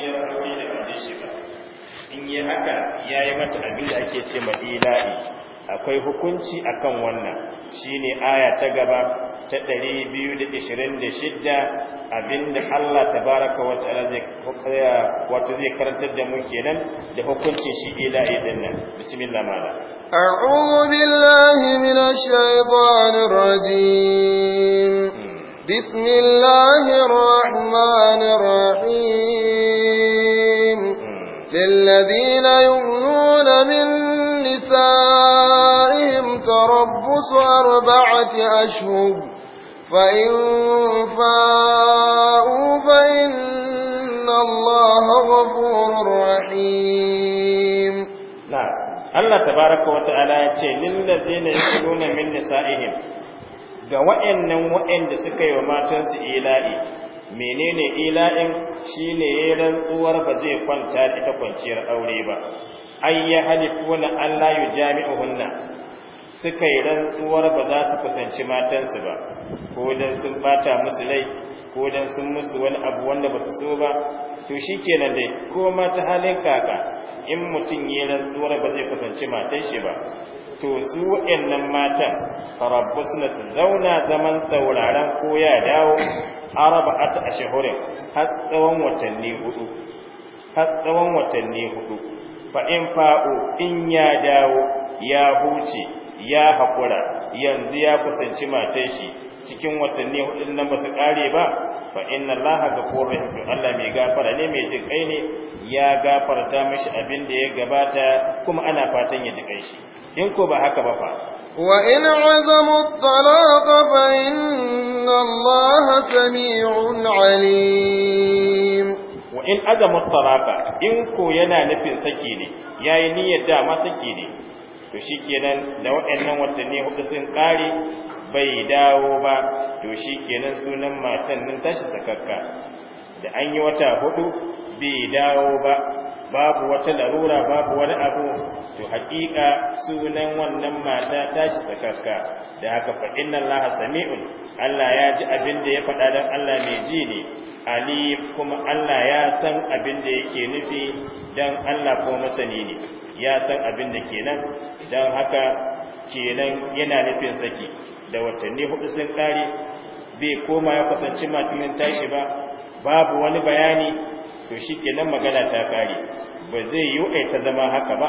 ingantacciyar da gare shi ba in yi haka ya yi mata abin da ake ce ma ila'i akwai hukunci akan wannan shine aya ta gaba ta 226 abinda Allah tabaraka wa ta'ala zai wato zai karantar da mu kenan da hukuncin shi ilahi din nan bismillah mala a'udhu billahi minash shaitanir rajim hmm. bismillahir rahmanir rahim للذين يؤمنون من نسائهم تربص أربعة أشهر فإن فاءوا فإن الله غفور رحيم نعم الله تبارك وتعالى للذين يؤمنون من نسائهم ga wa'annan wa'anda suka yi wa matansu ila'i menene ila'in shine yayin rantsuwar ba zai kwanta da ita kwanciyar aure ba ay ya an la hunna suka yi rantsuwar ba za su kusanci matansu ba ko don sun bata musu lai, ko don sun musu wani abu wanda ba su so ba to shi kenan dai ko ma ta halin kaka in mutum ya rantsuwar ba zai kusanci matan shi ba to su nan matan suna su zauna zaman sauraron ko ya dawo arba'ata ashhurin har tsawon watanni hudu har tsawon watanni hudu fa in fa'u in ya dawo ya huce ya hakura yanzu ya kusanci mace shi cikin watanni hudu nan ba su kare ba fa inna allaha ghafurur rahim Allah mai gafara ne mai jin kai ne ya gafarta mishi abin da ya gabata kuma ana fatan ya ji kai shi in ko ba haka ba fa وإن عزموا الطلاق فإن الله سميع عليم وإن عزموا الطلاق إن كو ينا نفين سكيني يا نية داما سكيني to shikenan da waɗannan watanni hudu sun bai dawo ba to shi kenan sunan matan nan tashi sakakka da an yi wata hudu bai dawo ba babu wata larura babu wani abu to haƙiƙa sunan wannan mata tashi shi da haka fa inna allaha sami'un Allah ya ji abin da ya faɗa dan Allah mai ji ne ali kuma Allah ya san abin da yake nufi dan Allah ko masani ne ya san abin da ke nan, dan haka kenan yana nufin saki da watanni hudu sun kare bai koma ya kusanci matumin tashi ba babu wani bayani to shi kenan magana ta kare ba zai yi ai ta zama haka ba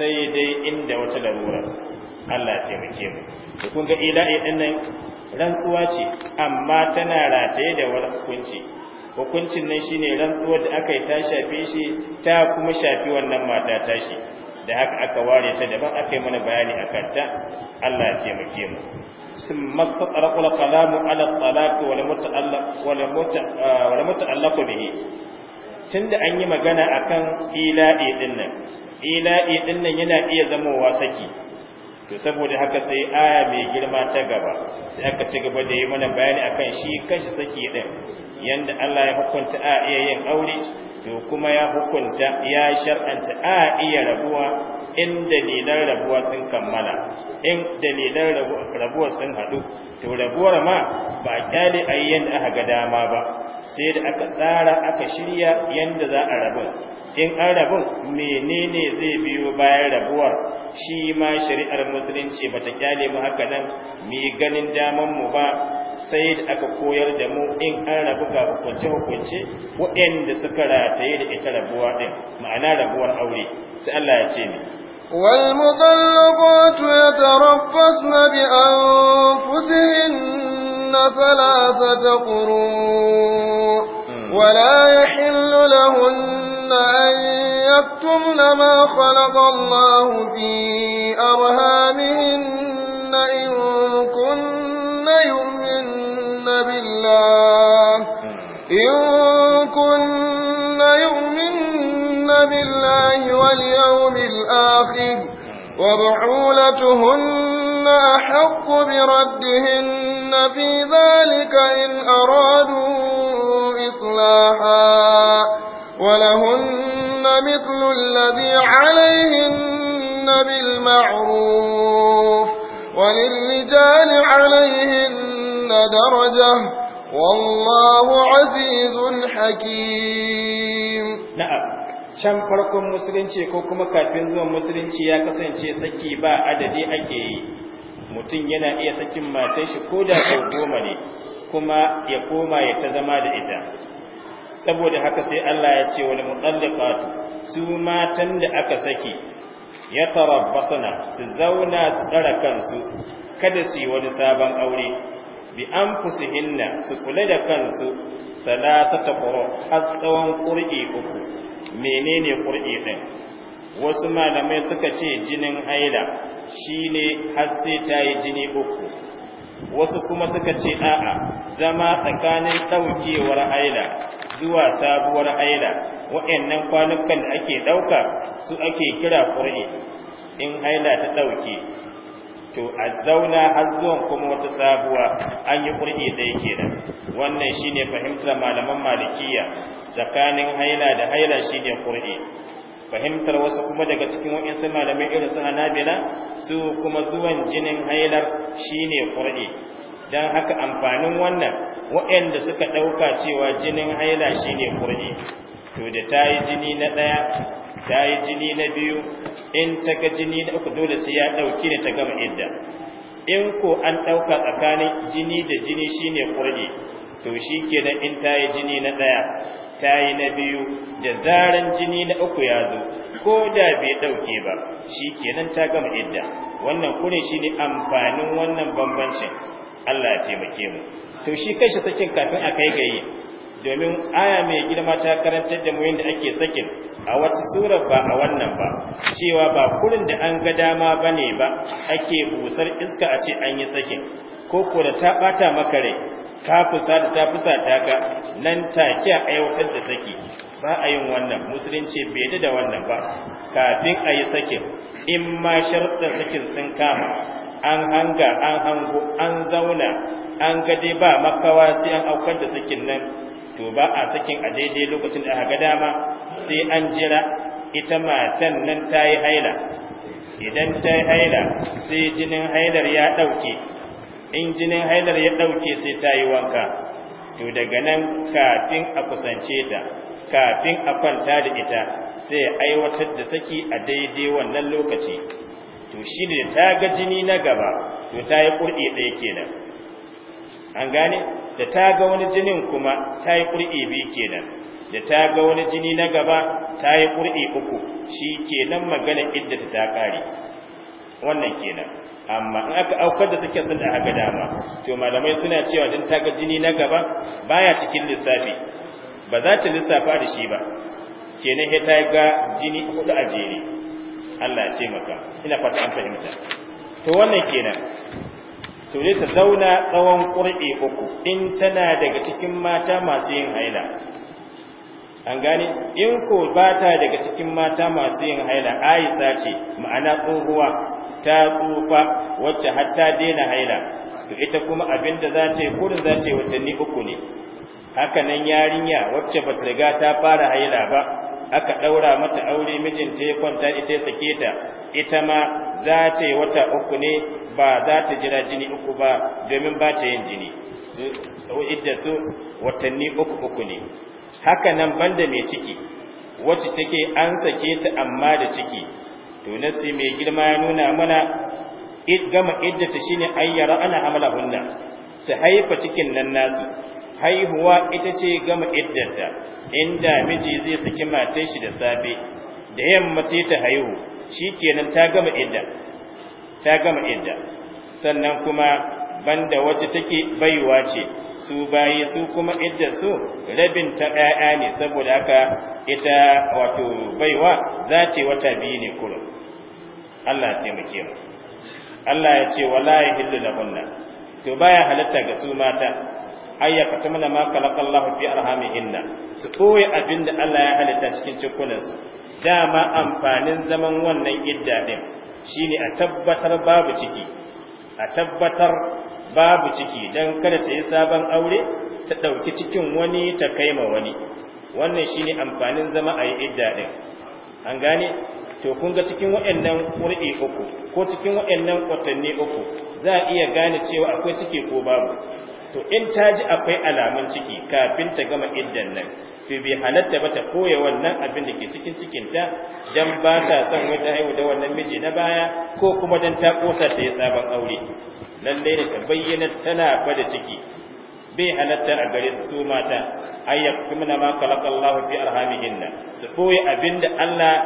sai dai inda wata larura Allah ce muke mu to kun ga ila'i din nan rantsuwa ce amma tana rataye da wani hukunci hukuncin nan shine rantsuwar da aka yi ta shafe shi ta kuma shafi wannan mata ta shi. da haka aka ware ta daban aka yi mana bayani a ta Allah ce muke mu ثم استطرق الكلام على الطلاق والمتعلق به tun da an yi magana a akan ila'i nan, ila'i nan yana iya zamowa saki to saboda haka sai aya mai girma ta gaba sai aka ci gaba da yi mana bayani akan shi kanshi saki ɗin Yadda Allah ya hukunta a iya yin aure to kuma ya hukunta ya shar'anta a iya rabuwa in dalilan rabuwa sun kammala in dalilan rabuwa sun haɗu to rabuwar ma ba a kyale a yi yadda aka ga dama ba sai da aka tsara aka shirya yadda za a rabu. in an rabu menene zai biyo bayan rabuwar shi ma shari'ar musulunci bata kyale mu haka nan mu ganin daman mu ba sai da aka koyar da mu in an rabu ga hukunce hukunce waɗanda suka rataye da ita rabuwa ɗin, ma'ana rabuwar aure sai Allah ya ce ni والمطلقات يتربصن بأنفسهن ثلاثة قروء ولا يحل لهن أن يكتمن ما خلق الله في أرهامهن إن كن يؤمن بالله إن كن يؤمن بالله واليوم الآخر وبعولتهن أحق بردهن في ذلك إن أرادوا إصلاحا ولهن مثل الذي عليهن بالمعروف وللرجال عليهن درجة والله عزيز حكيم نعم can farkon musulunci ko kuma kafin zuwan musulunci ya kasance saki ba adadi ake yi mutum yana iya sakin matan shi ko da sau goma ne kuma ya koma ya ta zama da ita saboda haka sai Allah ya ce wal mutallaqatu su matan da aka saki ya tarabbasana su zauna su tsara kansu kada su yi wani sabon aure bi anfusihinna su kula da kansu salatata qura har tsawon qur'i uku menene ƙur'i ɗin wasu malamai suka ce jinin haila shine har sai ta yi jini uku wasu kuma suka ce a'a zama tsakanin ɗaukewar haila zuwa sabuwar haila wa'annan kwanukan da ake ɗauka su ake kira ƙur'i in haila ta ɗauke to a zauna har zuwan kuma wata sabuwa an yi ƙur'i ɗaya kenan wannan shine fahimtar malaman malikiya tsakanin haila da haila shine ƙur'i fahimtar wasu kuma daga cikin waɗansu malamai irin su anabila su kuma zuwan jinin hailar shine ƙur'i don haka amfanin wannan waɗanda suka ɗauka cewa jinin haila shine ƙur'i to da ta yi jini na ɗaya ta yi jini na biyu in ta ga jini na uku dole sai ya ɗauki ne ta gama idda in ko an ɗauka tsakanin jini da jini shine kurɗi to shi kenan in ta yi jini na ɗaya ta yi na biyu da zaran jini na uku ya zo ko da bai ɗauke ba shi kenan ta gama idda wannan kune shine amfanin wannan bambancin Allah ya taimake mu to shi shi sakin kafin a kai gayi domin aya mai girma ta karantar da mu da ake sakin a wata sura ba a wannan ba cewa ba kurin da an ga dama bane ba ake busar iska a ce an yi sakin ko ko da ta bata maka rai ka fusa da ta fusa ta ka nan ta ki a aiwatar da saki ba a yin wannan musulunci bai da da wannan ba kafin a yi sakin in ma sharuɗin sakin sun kama an hanga an hango an zauna an ga dai ba makawa sai an aukar da sakin nan to ba a sakin a daidai lokacin da aka dama sai an jira ita matan nan ta yi haila idan ta yi haila sai jinin hailar ya ɗauke in jinin hailar ya ɗauke sai ta yi wanka to daga nan kafin a kusance ta kafin a kwanta da ita sai aiwatar da saki a daidai wannan lokaci to shi ne ta ga jini na gaba to ta yi ƙurɗi ɗaya kenan an gane da ta ga wani jinin kuma ta yi ƙuri'i biyu kenan da ta ga wani jini na gaba ta yi ƙuri'i uku shi kenan magana iddata ta ƙare wannan kenan amma in aka aukar da take sun da haka dama to malamai suna cewa don ta ga jini na gaba baya cikin lissafi ba za ta lissafa da shi ba kenan ya ta ga jini hudu a jere Allah ya ce maka ina fata an fahimta to wannan kenan to dai ta zauna tsawon ƙur'i uku in tana daga cikin mata masu yin haila an gane in ko ba ta daga cikin mata masu yin haila aisa ce ma'ana tsohuwa ta tsufa wacce har ta daina haila to ita kuma abin da za ta yi kurin za ta yi watanni uku ne haka nan yarinya wacce ba ta riga ta fara haila ba aka ɗaura mata aure mijinta ya kwanta ita ya sake ta ita ma za ta yi wata uku ne ba za ta jira jini uku ba domin ba ta yin jini idda su watanni uku uku ne haka nan banda mai ciki wacce take an sake ta amma da ciki to nasi mai girma ya nuna mana gama iddata shine ayyara ana amala hunna su haifa cikin nan nasu haihuwa ita ce gama iddata inda miji zai saki matar shi da safe da yamma sai ta haihu shikenan ta gama idda ta gama idda sannan kuma banda wacce take baiwa ce su bayi su kuma idda su rabin ta ɗaya ne saboda haka ita wato baiwa za ce wata biyu ne kurum Allah ya taimake mu Allah ya ce wala hillu lahunna to baya halatta ga su mata ayya mana ma khalaqallahu fi arhamihinna su koyi abinda Allah ya halitta cikin cikunan dama amfanin zaman wannan idda din shine a tabbatar babu ciki a tabbatar babu ciki dan kada ta yi sabon aure ta ɗauki cikin wani ta kaima wani wannan shine amfanin zama a yi idda din an gane to kun ga cikin waɗannan ƙur'i uku ko cikin waɗannan watanni uku za a iya gane cewa akwai ciki ko babu to in ta ji akwai alamun ciki kafin ta gama iddan nan to bai halatta ba ta koya wannan abin da ke cikin cikinta dan ba ta son wata haihu da wannan miji na baya ko kuma dan ta kosa ta yi sabon aure Lallai ne ta bayyana tana bada ciki bai halatta a gare su mata ayyaktumna ma khalaqallahu fi arhamihinna su koya abin da Allah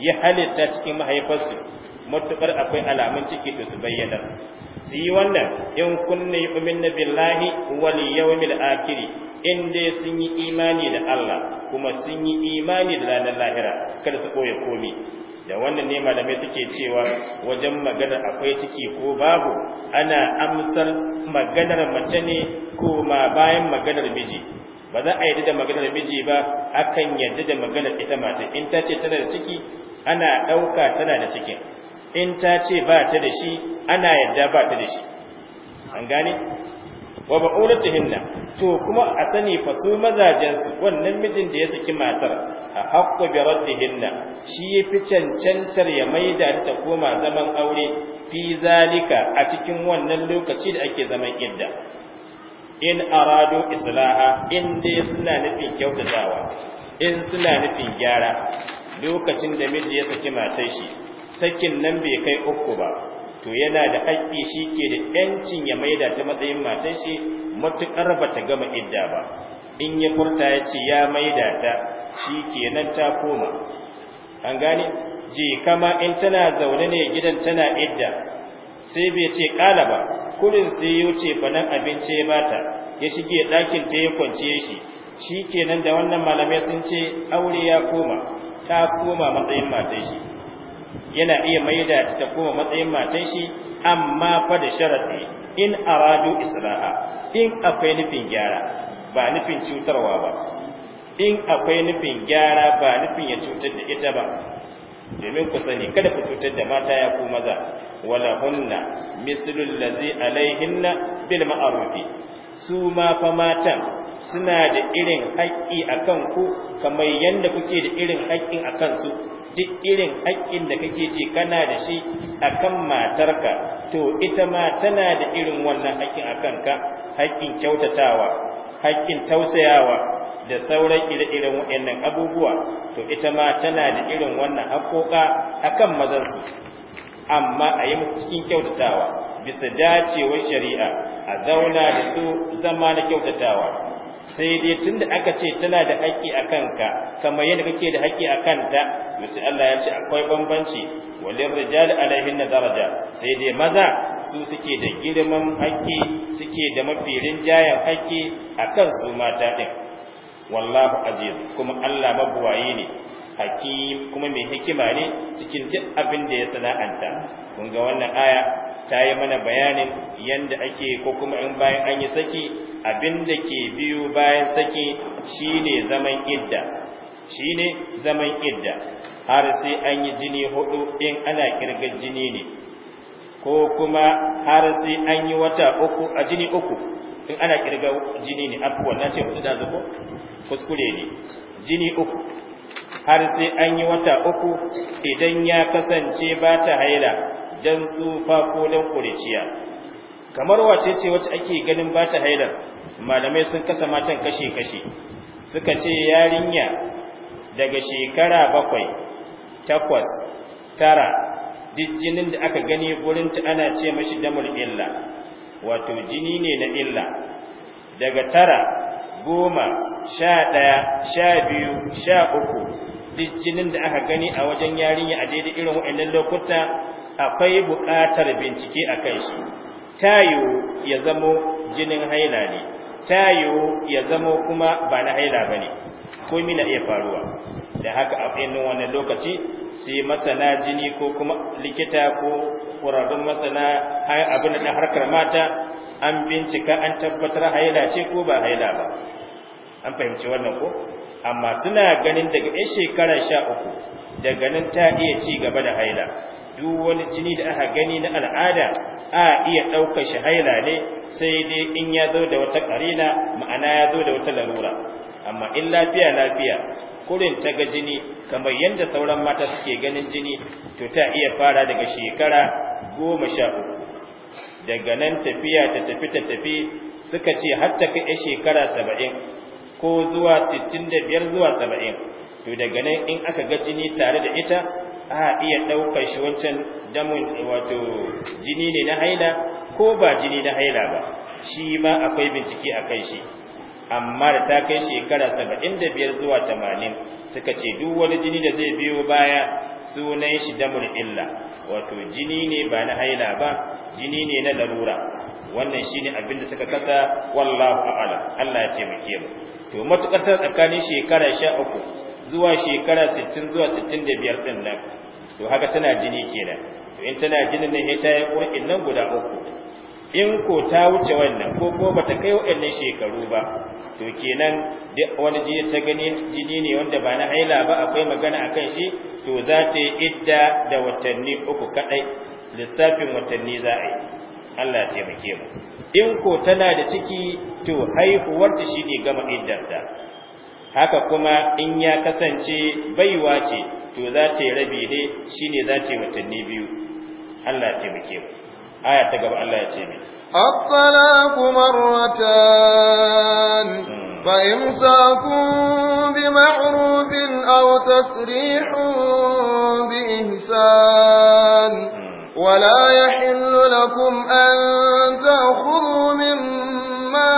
ya halitta cikin mahaifarsu matukar akwai alamun ciki da su bayyana su yi wannan in kunna yu'minna billahi wal yawmil akhir in dai sun yi imani da Allah kuma sun yi imani da ranar lahira kada su koya komi da wannan ne malamai suke cewa wajen magana akwai ciki ko babu ana amsar maganar mace ne ko ma bayan maganar miji ba za a yadda da maganar miji ba akan yadda da maganar ita mata in ta ce tana da ciki ana ɗauka tana da cikin in ta ce ba ta da shi ana yadda ba ta da shi an gane wa hinna to kuma a sani fa su mazajen su wannan mijin da ya saki matar a haqqu bi hinna shi yafi cancantar ya maida ta koma zaman aure fi zalika a cikin wannan lokaci da ake zaman idda in arado islaha in dai suna nufin kyautatawa in suna nufin gyara lokacin da miji ya saki matar shi sakin nan bai kai uku ba to yana da haƙƙi shi ke da ƴancin ya maida ta matsayin matan shi matuƙar ba ta gama idda ba in ya furta ya ce ya maida ta shi kenan ta koma an gane je kama in tana zaune ne gidan tana idda sai bai ce ƙala ba kurin sai ya ba fanan abinci ya bata ya shige ɗakin ta ya kwance shi shi kenan da wannan malamai sun ce aure ya koma ta koma matsayin matar shi yana iya maida ta ta koma matsayin matan shi amma fa da sharadi in aradu islaha in akwai nufin gyara ba nufin cutarwa ba in akwai nufin gyara ba nufin ya cutar da ita ba domin ku sani kada ku cutar da mata ya ku maza wala hunna mislul ladzi alaihinna bil ma'ruf su ma fa matan suna da irin haƙƙi a kanku kamar yadda kuke da irin haƙƙin a kansu duk irin haƙƙin da kake ce kana da shi a kan matarka to ita ma tana da irin wannan haƙƙin a kanka haƙƙin kyautatawa haƙƙin tausayawa da sauran ire-iren waɗannan abubuwa to ita ma tana da irin wannan haƙoƙa a kan mazansu amma a yi cikin kyautatawa bisa dacewar shari'a a zauna da su zama na kyautatawa sai dai tunda aka ce tana da haƙƙi a kanka kamar yadda kake da haƙƙi a kanta to Allah ya ce akwai bambanci walin rijal alaihin daraja sai dai maza su suke da girman haƙƙi suke da mafi rinjayen haƙƙi kan su mata ɗin. wallahu aziz kuma Allah mabuwayi ne hakim kuma mai hikima ne cikin duk abin da ya sana'anta kun ga wannan aya ta yi mana bayanin yadda ake ko kuma in bayan an yi saki abin da ke biyu bayan saki shine zaman idda shine zaman idda har sai an yi jini hudu in ana kirgar jini ne ko kuma har sai an yi wata uku a jini uku in ana kirgar jini ne afuwan na ce hudu da kuskure ne jini uku har sai an yi wata uku idan ya kasance ba ta haila dan tsufa ko dan kuriciya kamar wace ce wacce ake ganin ba ta haidar malamai sun kasa matan kashe-kashe suka ce yarinya daga shekara bakwai takwas tara duk jinin da aka gani ta ana ce mashi damul illa wato jini ne na illa daga tara goma sha ɗaya sha biyu sha uku duk jinin da aka gani a wajen yarinya a daidai irin waɗannan lokuta akwai buƙatar bincike a kan shi tayo ya zamo jinin haila ne tayo ya zamo kuma ba na haila ba ne komi na iya faruwa da haka a ɗinin wannan lokaci sai masana jini ko kuma likita ko ƙwararrun masana abin da harkar mata an bincika an tabbatar haila ce ko ba haila ba an fahimci wannan ko amma suna ganin daga 'yan shekara sha uku daga nan ta iya ci gaba da haila duk wani jini da aka gani na al'ada a iya ɗaukar shi haila ne sai dai in ya zo da wata ƙarina ma'ana ya zo da wata larura amma in lafiya lafiya kurin ta ga jini kamar yadda sauran mata suke ganin jini to ta iya fara daga shekara goma sha daga nan tafiya ta tafi ta tafi suka ce har ta kai shekara saba'in ko zuwa sittin da biyar zuwa saba'in to daga nan in aka ga jini tare da ita a iya ɗaukar shi wancan damin wato jini ne na haila ko ba jini na haila ba shi ma akwai bincike a kai shi amma da ta kai shekara saba'in biyar zuwa tamanin suka ce duk wani jini da zai biyo baya sunan shi damun illa wato jini ne ba na haila ba jini ne na larura wannan shine abin da suka kasa wallahu a'lam Allah ya taimake mu to matukar tsakanin shekara 13 zuwa shekara 60 zuwa 65 din nan to haka tana jini kenan to in tana jinin ne ta yi ƙur'in nan guda uku in ko ta wuce wannan ko kuma bata kai waɗannan shekaru ba to kenan duk wani jini ta gani jini ne wanda ba na haila ba akwai magana akan shi to za ta yi idda da watanni uku kadai lissafin watanni za a yi Allah ya taimake mu in ko tana da ciki to haihuwar ta shine gama ta. haka kuma in ya kasance baiwa ce to za ta yi rabi ne shine za ta yi watanni biyu Allah ya taimake mu aya ta gaba Allah ya ce ne الطلاق مرتان فإمساك بمعروف أو تسريح بإحسان ولا يحل لكم أن تأخذوا مما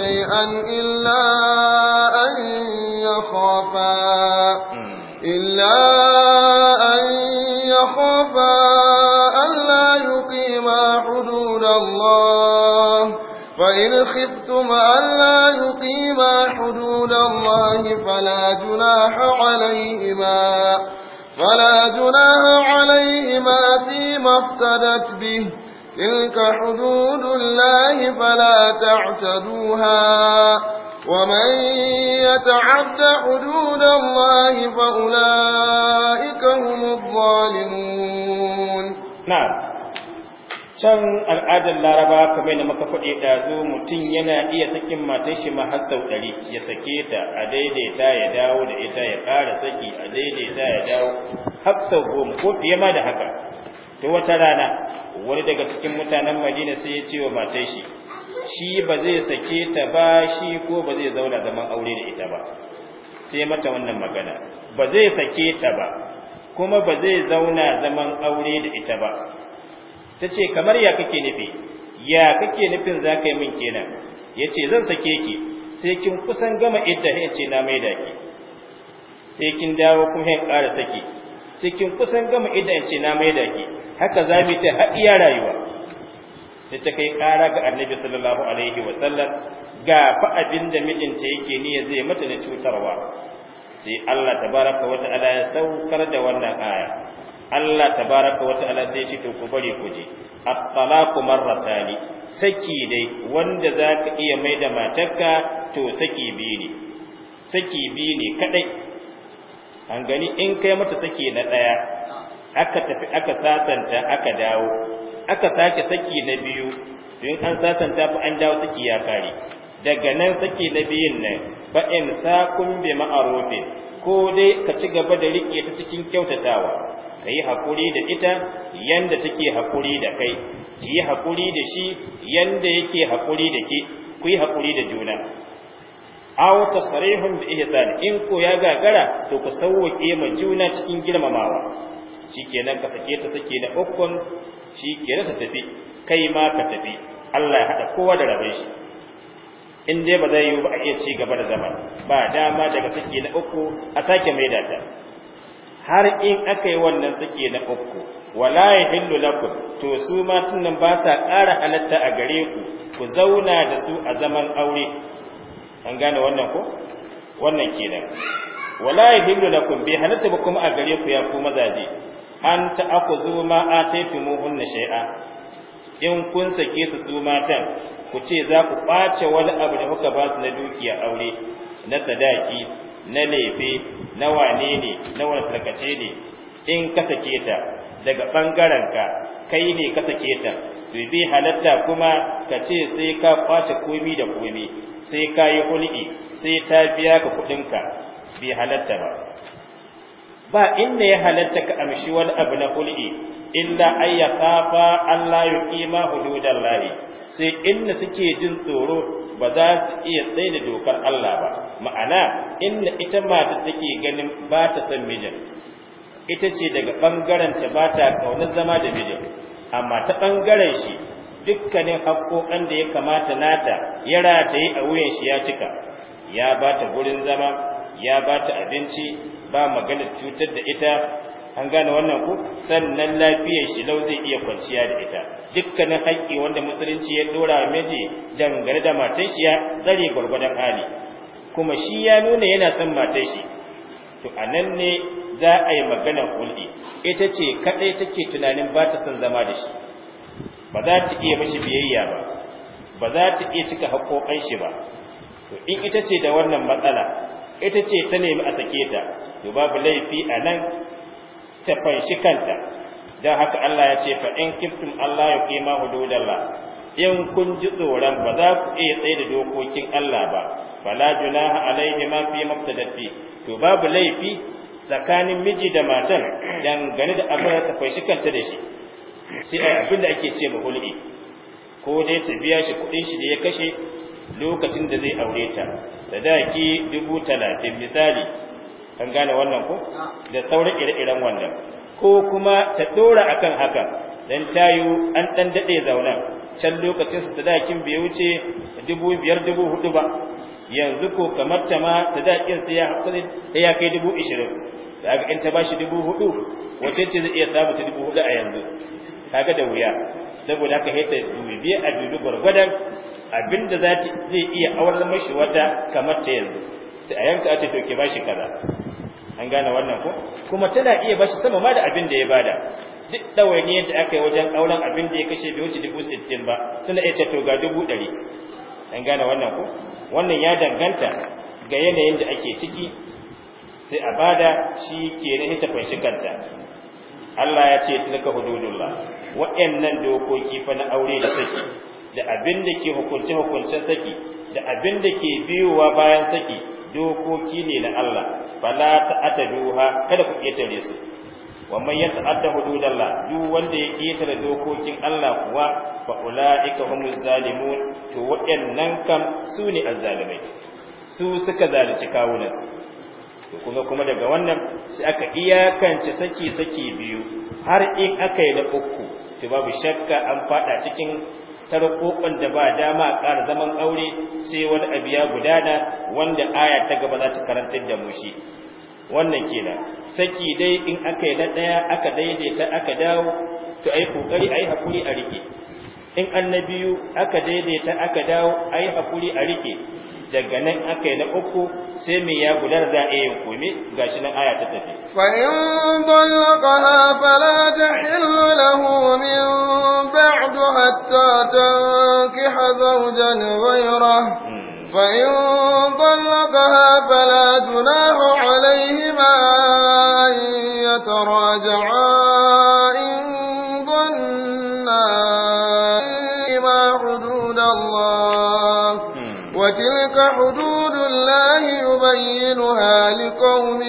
شيئا إلا أن يخافا إلا أن يخافا ألا يقيما حدود الله فإن خفتم ألا يقيما حدود الله فلا جناح عليهما فلا جناح عليهما فيما افتدت به تلك حدود الله فلا تعتدوها ومن يتعد حدود الله فأولئك هم الظالمون نعم can al'adar laraba kamar na muka faɗi ɗazu mutum yana iya sakin matar shi ma har sau ɗari ya sake ta a daidaita ya dawo da ita ya ƙara saki a daidaita ya dawo har sau goma ko fiye ma da haka to wata rana wani daga cikin mutanen madina sai ya ce wa matar shi shi ba zai sake ta ba shi ko ba zai zauna zaman aure da ita ba sai mata wannan magana ba zai sake ta ba kuma ba zai zauna zaman aure da ita ba ta ce kamar ya kake nufi ya kake nufin za ka yi min kenan ya ce zan sake ki sai kin kusan gama idda ya ce na maida ki sai kin dawo kuma ya ƙara saki sai kin kusan gama idda ya ce na maida ki haka za mu ta haɗiya rayuwa sai ta kai ƙara ga annabi sallallahu alaihi wa sallam ga fa abin da mijinta yake ya zai mata na cutarwa sai Allah tabaraka wa ta'ala ya saukar da wannan aya Allah tabaraka wa ta'ala sai ce to ku bari ku je at-talaqu marratani saki dai wanda za ka iya mai da matarka to saki biyu ne saki biyu ne kadai an gani in kai mata saki na daya aka tafi aka sasanta aka dawo aka sake saki na biyu don an sasanta fa an dawo saki ya fare daga nan saki na biyun nan fa in sa kun bi ma'arufin ko dai ka ci gaba da rike ta cikin kyautatawa ka yi haƙuri da ita yanda take haƙuri da kai ki yi haƙuri da shi yanda yake haƙuri da ke ku yi haƙuri da juna aw tasrihun bi ihsan in ko ya gagara to ku sauke ma juna cikin girmamawa shikenan ka sake ta sake na ukun shikenan ta tafi kai ma ka tafi Allah ya hada kowa da rabe shi in dai ba zai yiwu ba a iya ci gaba da zaman ba dama daga sake na uku a sake maida ta har in aka yi wannan sake na uku wala ya hindu lakum to su ma nan ba sa ƙara halatta a gare ku ku zauna da su a zaman aure an gane wannan ko wannan kenan wala ya hindu lakum bi halatta ba kuma a gare ku ya ku mazaje an ta fi ma na shay'a in kun sake su su matan ku ce za ku ɓace wani abu da kuka ba su na dukiya aure na sadaki na lefe na wane ne na wani tarkace ne in ka sake ta daga ɓangaren ka, kai ne ka sake ta bi halatta kuma ka ce sai ka ɓace komi da komi sai ka yi hulɗi sai ta biya ka kuɗinka bi halatta ba ba inda ya halatta ka amshi wani abu na kulli illa ay yaqafa Allah yuqima hududallah sai inda suke jin tsoro ba za su iya tsaida dokar Allah ba ma'ana inda ita mata take ganin ba ta san mijin ita ce daga bangaren ta ba ta kaunar zama da mijin amma ta bangaren shi dukkanin haƙoƙan da ya kamata nata ya rataye a wuyan shi ya cika ya ba ta gurin zama ya ba ta abinci ba magana cutar da ita an gane wannan ku sannan lafiyar shi lau zai iya kwanciya da ita dukkanin haƙƙi wanda musulunci ya dora miji dangane da matar shi ya tsare gwargwadon hali kuma shi ya nuna yana son matar shi to anan ne za a yi maganar hulɗi ita ce kaɗai take tunanin ba ta son zama da shi ba za ta iya mashi biyayya ba ba za ta iya cika haƙoƙan shi ba to in ita ce da wannan matsala ita ce ta nemi a sake ta to babu laifi a nan ta fanshi kanta don haka Allah ya ce fa in kiftum Allah ya kima hududalla in kun ji tsoron ba za ku iya tsaye da dokokin Allah ba fala junaha alaihi ma fi mabtadati to babu laifi tsakanin miji da matan dangane da abin da ta fanshi kanta da shi sai abin da ake ce ba hulɗi ko dai ta biya shi kuɗin shi da ya kashe lokacin da zai aure ta sadaki dubu talatin misali kan gane wannan ko da sauran ire-iren wannan ko kuma ta dora akan haka dan tayu an dan dade zauna can lokacin sadakin bai wuce dubu biyar dubu hudu ba yanzu ko kamar ta ma sadakin sai ya hakuri sai ya kai dubu ishirin da in ta bashi dubu hudu wace ce zai iya samu ta dubu hudu a yanzu kaga da wuya saboda haka sai ta dubi a dubi gwargwadon abinda za zai iya aurar mashi wata kamar ta yanzu sai a yanka a ce to ke bashi kaza an gane wannan ko kuma tana iya bashi sama ma da abin da ya bada duk ɗawainiyar da aka yi wajen auren abin da ya kashe bai wuce dubu sittin ba tana iya ce to ga dubu ɗari an gane wannan ko wannan ya danganta ga yanayin da ake ciki sai a bada shi ke na hita kwanshi kanta Allah ya ce tilka hududullah wa'annan dokoki fa na aure da saki da abin da ke hukunce hukuncen saki da abin da ke biyowa bayan saki dokoki ne na Allah fala ta'taduha kada ku tare su wa man yata'adda hududallah duk wanda ya ketare dokokin Allah kuwa fa ulaika humuz zalimun to waɗannan kam su ne azzalimai su suka zalunci kawunansu to kuma kuma daga wannan sai aka iyakance saki saki biyu har in aka yi na uku to babu shakka an fada cikin ta rukokon da ba dama a ƙara zaman aure sai wani abu ya gudana wanda aya ta gaba za ta karantar da mu shi wannan kenan saki dai in aka yi na ɗaya aka daidaita aka dawo to ai kokari ai hakuri a rike in annabiyu aka daidaita aka dawo ai hakuri a rike daga nan aka yi na uku sai mai ya gudanar da ayin komi gashi nan aya ta tafi fa in talaqaha fala tahillu lahu min ba'du hatta tankiha zawjan ghayrahu فإن طلقها فلا جناح عليهما أن يتراجعا حدود الله يبينها لقوم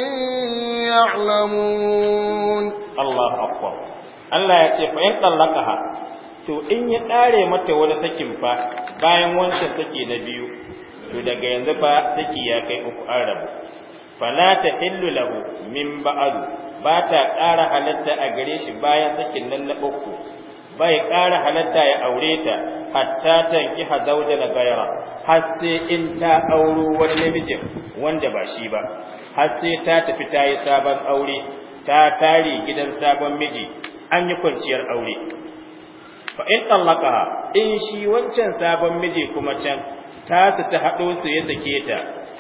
يعلمون الله أكبر Allah ya ce fa in tallaqaha to in ya ƙare mata wani sakin fa bayan wancan saki na biyu to daga yanzu fa saki ya kai uku an rabu fala ta illu lahu min ba'du ba ta ƙara halatta a gare shi bayan sakin nan na uku bai ƙara halatta ya aure ta hatta tankiha da gayara har sai in ta auro wani namijin wanda ba shi ba har sai ta tafi ta yi sabon aure ta tare gidan sabon miji an yi kwanciyar aure fa in tallaka in shi wancan sabon miji kuma can ta ta haɗo su ya sake ta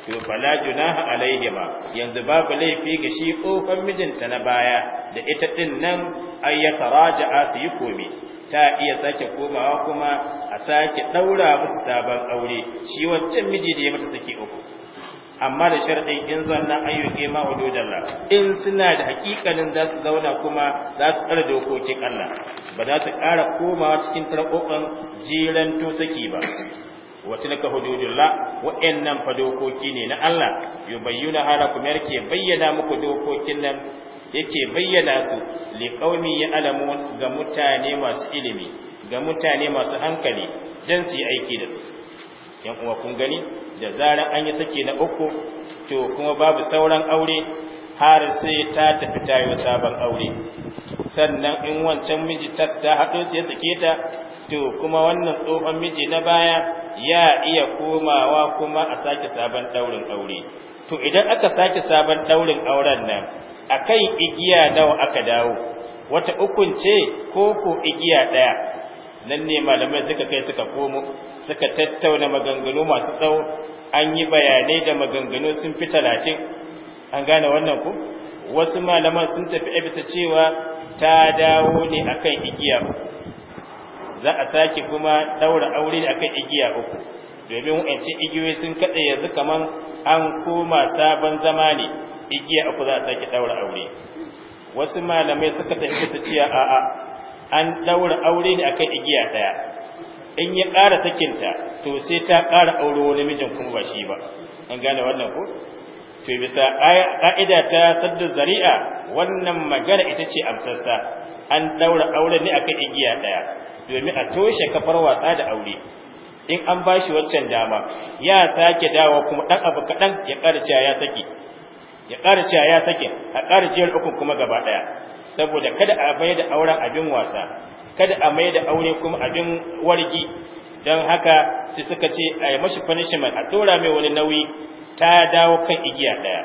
to fala junaha alaihima yanzu babu laifi ga shi kofan mijinta na baya da ita din nan ay yataraja'a su yi komai. ta iya sake komawa kuma a sake daura musu sabon aure shi wancan miji da ya mata saki uku amma da sharɗin in zanna ayyuke ma hududallah in suna da hakikalin za su zauna kuma za su tsara dokokin Allah ba za su ƙara komawa cikin tarkokan jiran to saki ba naka tilka hududullah wa'annan fa dokoki ne na Allah yubayyana halakum yake bayyana muku dokokin nan yake bayyana su ya alamu ga mutane masu ilimi ga mutane masu hankali dan su aiki da su yan uwa kun gani da zarar an yi sake na uku to kuma babu sauran aure har sai ta tafi ta sabon aure sannan in wancan miji ta ta haɗo sai sake ta to kuma wannan tsohon miji na baya ya iya komawa kuma a sake sabon ɗaurin aure to idan aka sake sabon ɗaurin auren nan akai igiya nawa aka dawo wata ukun ce ko ko igiya daya nan ne malamai suka kai suka komo suka tattauna maganganu masu tsawo an yi bayanai da maganganu sun fi talatin an gane wannan ku wasu malaman sun tafi abita cewa ta dawo ne akan igiya za a sake kuma daura aure ne akan igiya uku domin wa'ancin igiyoyi sun kaɗa yanzu kaman an koma sabon zama ne igiya uku za a sake daura aure wasu malamai suka tafi ta a a'a an daura aure ne akan igiya daya in ya ƙara sakinta to sai ta ƙara aure wani mijin kuma ba shi ba an gane wannan ko to bisa ƙa'ida ta sadda zari'a wannan magana ita ce amsassa an daura aure ne akan igiya daya domin a toshe kafar wasa da aure in an bashi shi waccan dama ya sake dawo kuma ɗan abu kaɗan ya ƙara ya saki ya ƙara cewa ya sake a ƙara jiyar uku kuma gaba ɗaya saboda kada a mai da auren abin wasa kada a mai da aure kuma abin wargi don haka sai suka ce a yi mashi punishment a tura mai wani nauyi ta dawo kan igiya ɗaya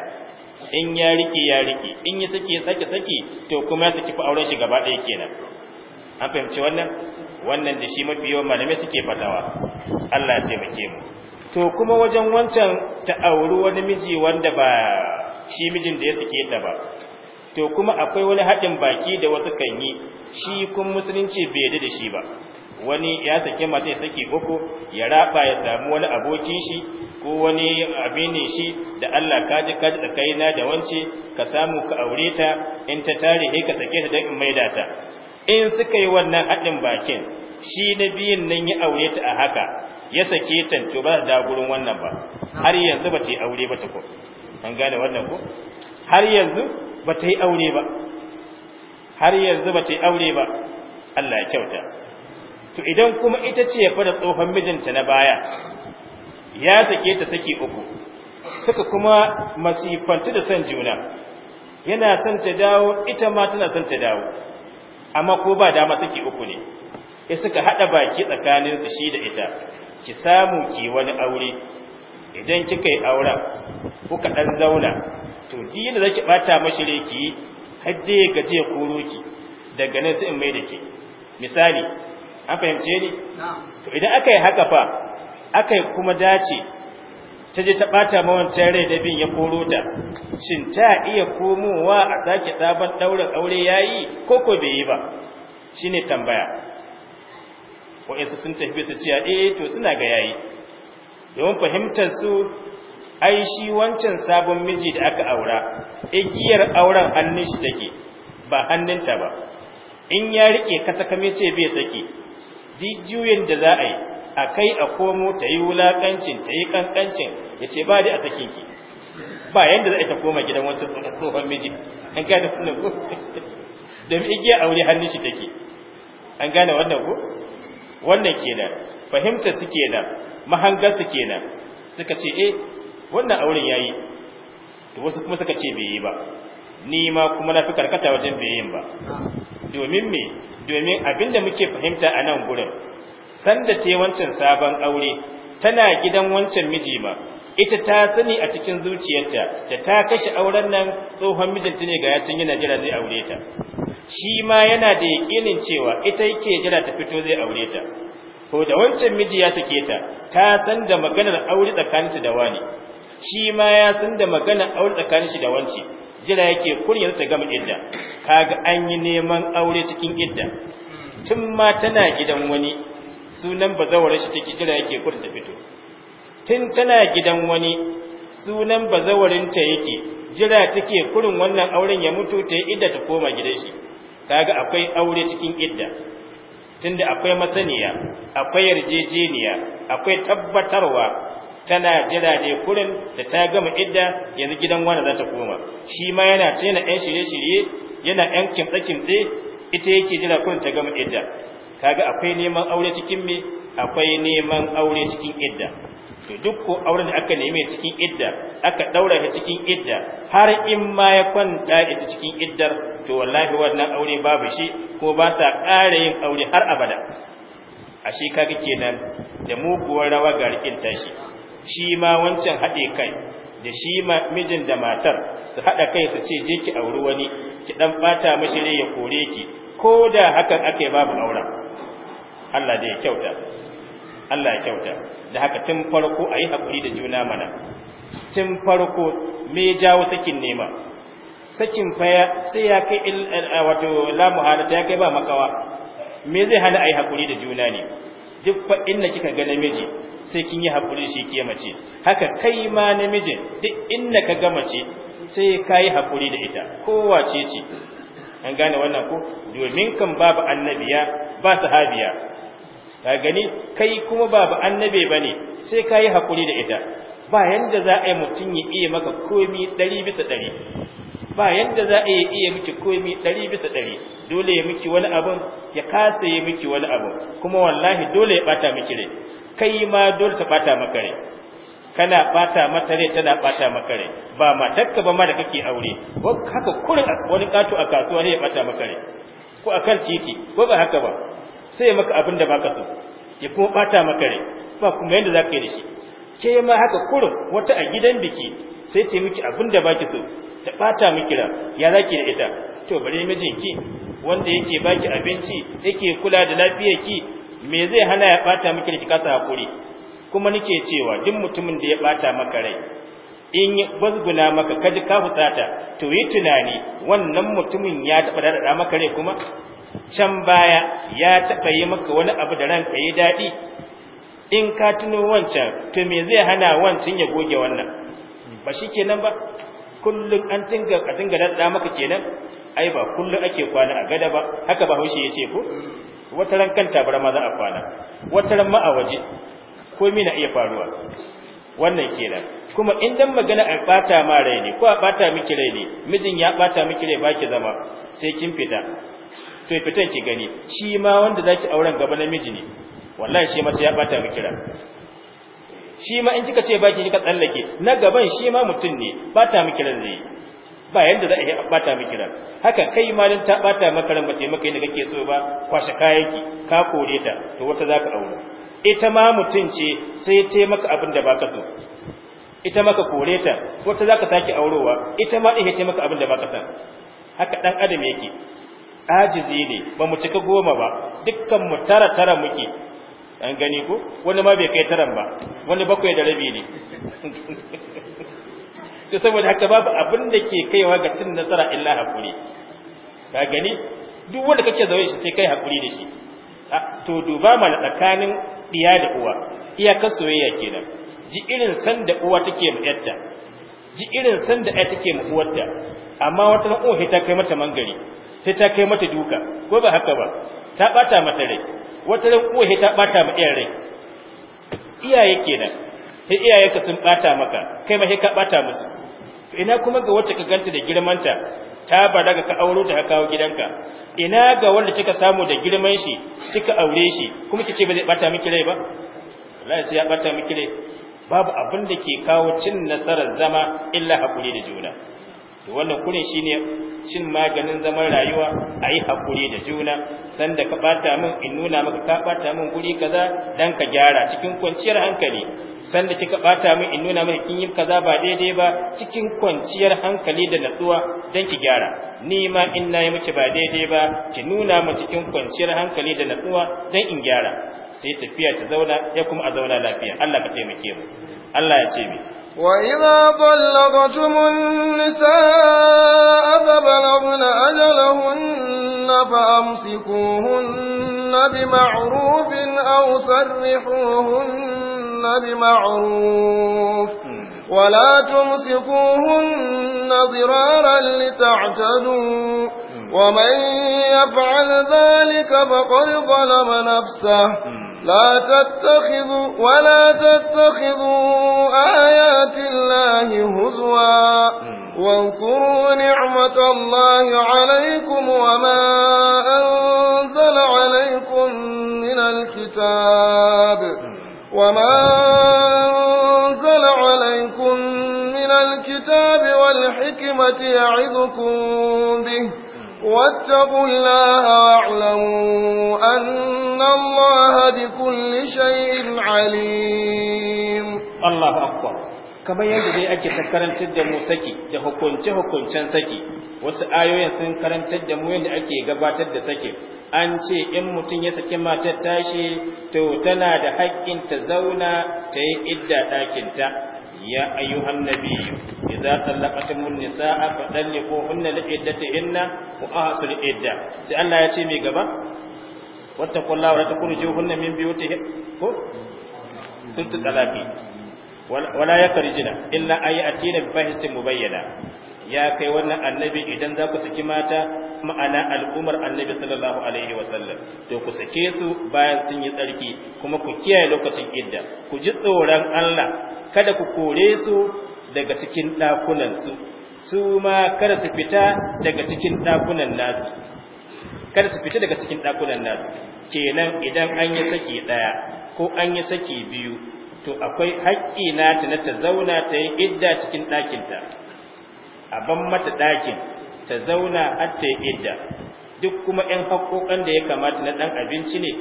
in ya riƙe ya riƙe in ya sake sake sake to kuma ya saki fa auren shi gaba ɗaya kenan an fahimci wannan wannan da shi mafi yawan malamai suke fatawa Allah ya taimake mu to kuma wajen wancan ta auri wani miji wanda ba shi mijin da ya sake ta ba to kuma akwai wani haɗin baki da wasu kan yi shi kun musulunci bai yadda da shi ba wani ya sake mata ya sake uku ya raba ya sami wani abokin shi ko wani ne shi da Allah ka ji ka da na da wance ka samu ka aure ta in ta tare ne ka sake ta dan in maida ta in suka yi wannan haɗin bakin shi na biyin nan ya aure ta a haka ya sake ta to ba da gurin wannan ba har yanzu ba ce aure ba ta ko an gane wannan ko har yanzu ba ta yi aure ba har yanzu ba ta yi aure ba Allah ya kyauta to idan kuma ita ce fa da tsohon mijinta na baya ya take ta saki uku suka kuma masifantu da son juna yana son ta dawo ita ma tana son ta dawo amma ko ba dama saki uku ne sai suka hada baki tsakaninsu shi da ita ki samu ki wani aure idan kika yi auren kuka dan zauna to ji zaki bata mashi reki har dai ya gaje ya koro ki daga nan sai in mai dake misali an fahimce ni to idan aka yi haka fa aka kuma dace ta je ta bata ma wancan rai da bin ya koro ta shin ta iya komowa a sake tsabar daurin aure yayi ko ko bai yi ba shine tambaya wa'insu sun tafi su ce eh to suna ga yayi domin fahimtar su ai shi wancan sabon miji da aka aura igiyar auren hannun shi take ba hannunta ba in ya rike katakame ce bai saki jujjuyin da za a yi a kai a komo ta yi wulaƙancin ta yi ƙanƙancin ya ce ba da a sakin ki ba yadda za a ta koma gidan wancan tsohon miji an gane wannan ko domin igiyar aure hannun shi take an gane wannan ko wannan kenan fahimta su kenan mahangarsa kenan suka ce eh wannan auren yayi to wasu kuma suka ce bai yi ba ni ma kuma na fi karkata wajen bai yin ba domin me domin abinda muke fahimta a nan gurin sanda ce wancan sabon aure tana gidan wancan miji ba ita ta sani a cikin zuciyarta da ta kashe auren nan tsohon mijinta ne ga yacin yana jira zai aure ta shi ma yana da yakinin cewa ita yake jira ta fito zai aure ta to da wancan miji ya sake ta ta san da maganar aure tsakaninta da wani shi ma ya san da maganar aure tsakanin shi da wanci jira yake kuryar ta gama idda kaga an yi neman aure cikin idda tun ma tana gidan wani sunan bazawar shi take jira yake kur ta fito tun tana gidan wani sunan bazawarinta yake jira take kurin wannan auren ya mutu ta idda ta koma gidan shi kaga akwai aure cikin idda tunda akwai masaniya akwai yarjejeniya akwai tabbatarwa tana jira ne kurin da ta gama idda yanzu gidan wani za ta koma shi ma yana ce yana ɗan shirye-shirye yana ɗan kimtse-kimtse ita yake jira kurin ta gama idda kaga akwai neman aure cikin me akwai neman aure cikin idda to duk ko auren da aka neme cikin idda aka daura shi cikin idda har in ma ya kwanta ita cikin iddar to wallahi wannan aure babu shi ko ba sa ƙara yin aure har abada A shi kaga kenan da muguwar rawa ga rikin tashi shi ma wancan haɗe kai da shi mijin da matar su haɗa kai su ce je ki auri wani ki dan bata mishi ne ya kore ki ko da hakan ake babu auren Allah da ya kyauta Allah ya kyauta da haka tun farko a yi haƙuri da juna mana tun farko me jawo sakin nema sakin faya sai ya kai eh, wato lamu halata ya kai ba makawa me zai hana a yi haƙuri da juna ne duk fa na kika ga namiji sai kin yi haƙuri shi ke mace haka kai ma namijin duk inda ka ga mace sai ka yi haƙuri da ita kowace ce an gane wannan ko domin kan babu annabiya ba sahabiya ka gani kai kuma ba ba annabe bane sai kai hakuri da ita ba yanda za a yi mutun ya iya maka komi 100 bisa 100 ba yanda za a yi iya miki komi 100 bisa 100 dole ya miki wani abun ya kasa ya miki wani abun kuma wallahi dole ya bata miki rai kai ma dole ta bata maka rai kana bata mata rai tana bata maka rai ba matarka ba ma da kake aure haka kurin wani kato a kasuwa ne ya bata maka rai ko akan titi ko ba haka ba sai ya maka abin da baka so ya kuma bata maka rai ba kuma yanda zaka yi da shi ke ma haka kurum wata a gidan biki sai ta miki abin da baki so ta bata miki ra ya zaki da ita to bari mijin ki? wanda yake baki abinci yake kula da lafiyar ki? me zai hana ya bata miki da ki kasa hakuri kuma nake cewa duk mutumin da ya bata maka rai in bazguna maka kaji ka fusata to yi tunani wannan mutumin ya taɓa daɗaɗa maka rai kuma can baya ya taɓa yi maka wani abu da ranka yi daɗi in ka tuno wancan to me zai hana wancan ya goge wannan ba shi kenan ba kullum an tinga a tinga dadda maka kenan ai ba kullum ake kwana a gada ba haka ba haushi yace ko wata ran kanta bar ma za a kwana wata ran ma a waje komai na iya faruwa wannan kenan kuma in dan magana a bata ma rai ne ko a bata miki rai ne mijin ya bata miki rai baki zama sai kin fita fitan ki gani shi ma wanda zaki auren gaba namiji ne wallahi shi ma sai ya bata miki kira shi ma in kika ce baki kika tsallake na gaban shi ma mutum ne bata miki ran zai ba yanda za a yi bata miki ran haka kai ma dan ta bata maka ran bace maka yanda kake so ba kwashe kayanki ka kore ta to wata zaka aure ita ma mutum ce sai ta maka abin da baka so ita maka kore ta wata zaka saki aurewa ita ma din ta maka abin da baka san haka dan adam yake ajizi ne ba mu cika goma ba dukkan mu tara tara muke an gani ko wani ma bai kai taran ba wani bakwai da rabi ne to saboda haka babu abin da ke kaiwa ga cin nasara illa hakuri ka gani duk wanda kake zaune shi sai kai hakuri da shi to duba mana tsakanin iya da uwa iyakar soyayya kenan ji irin san da uwa take mu yadda ji irin san da ai take mu uwarta amma wata ran uwa ta kai mata mangari sai ta kai mata duka ko ba haka ba ta bata mata rai wata ran sai ta bata ma iyayen rai iyaye kenan sai iyayenka sun bata maka kai ma sai ka bata musu ina kuma ga wacce ka ganta da girmanta ta balaga ka auro ta kawo gidanka ina ga wanda kika samu da girman shi kika aure shi kuma kice ba zai bata miki rai ba wallahi sai ya bata miki rai babu abin da ke kawo cin nasarar zama illa hakuri da juna to wannan kurin shine cin maganin zaman rayuwa a yi hakuri da juna sanda ka bata min in nuna maka ka bata min guri kaza dan ka gyara cikin kwanciyar hankali sanda kika bata min in nuna maka kin yi kaza ba daidai ba cikin kwanciyar hankali da natsuwa dan ki gyara ni ma in nayi miki ba daidai ba ki nuna min cikin kwanciyar hankali da natsuwa dan in gyara sai tafiya ta zauna ya kuma a zauna lafiya Allah ka taimake mu Allah ya ce mu وإذا بلغتم النساء فبلغن أجلهن فأمسكوهن بمعروف أو سرحوهن بمعروف ولا تمسكوهن ضرارا لتعتدوا ومن يفعل ذلك فقد ظلم نفسه لا تتخذوا ولا تتخذوا آيات الله هزوا واذكروا نعمة الله عليكم وما أنزل عليكم من الكتاب وما أنزل عليكم من الكتاب والحكمة يعظكم به واتقوا الله واعلموا أن الله بكل شيء عليم الله أكبر kamar yadda zai ake ta karantar da mu saki da hukunce-hukuncen saki wasu ayoyin sun karantar da mu yadda ake gabatar da saki an ce in mutum ya saki matar tashi to tana da haƙƙin ta zauna ta yi idda ɗakinta يا أيها النبي إذا طلقتم النساء فطلقوهن لعدتهن وأحصوا العدة سأل الله يتيمي قبا واتقوا الله ولا تخرجوهن من بيوتهن ثلث الثلاثين ولا يخرجن إلا أن يأتين بفاحشة مبينة يا kai wannan annabi idan za ku ma'ana al'umar annabi sallallahu alaihi wasallam to ku sake su bayan sun yi tsarki kuma ku kiyaye lokacin idda ku ji tsoron Allah kada ku kore su daga cikin ɗakunansu su ma kada su fita daga cikin ɗakunan nasu kada su fita daga cikin ɗakunan nasu kenan idan an yi saki ɗaya ko an yi saki biyu to akwai haƙƙi na ta na ta zauna ta yi idda cikin ɗakinta a ban mata ɗakin ta zauna har ta yi idda duk kuma 'yan haƙƙoƙan da ya kamata na ɗan abinci ne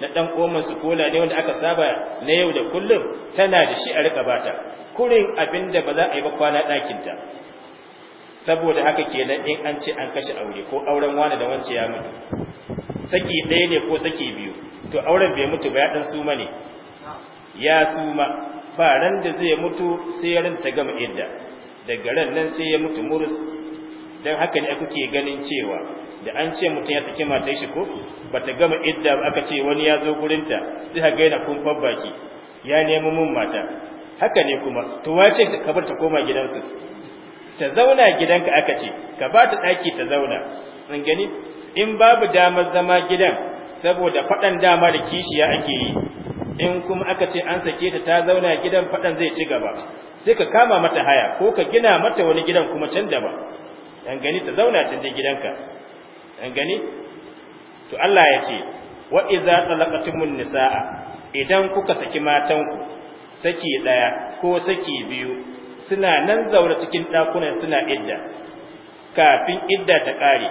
na dan uwan su kola ne wanda aka saba na yau da kullum tana da shi a rika bata kurin abinda ba za a yi ba kwana ɗakin ta saboda haka kenan in an ce an kashe aure ko auren wani da wance ya mutu saki ɗaya ne ko saki biyu to auren bai mutu ba ya dan suma ne ya suma ba ran da zai mutu sai ran ta gama idda daga ran nan sai ya mutu murus dan haka ne kuke ganin cewa da an ce mutum ya saki matar shi ko bata gama idda ba aka ce wani ya zo gurin ta sai ka gaina kun baki ya nemi mun mata haka ne kuma to wace ka bar ta koma gidansu ta zauna gidanka aka ce ka ba ta daki ta zauna An gani in babu damar zama gidan saboda fadan dama da kishiya ake yi in kuma aka ce an sake ta ta zauna gidan fadan zai ci gaba sai ka kama mata haya ko ka gina mata wani gidan kuma can da ba dan gani ta zauna cikin gidanka dan to Allah ya ce wa idza talaqatumun nisaa idan kuka saki matanku saki daya ko saki biyu suna nan zaure cikin ɗakunan suna idda kafin idda ta kare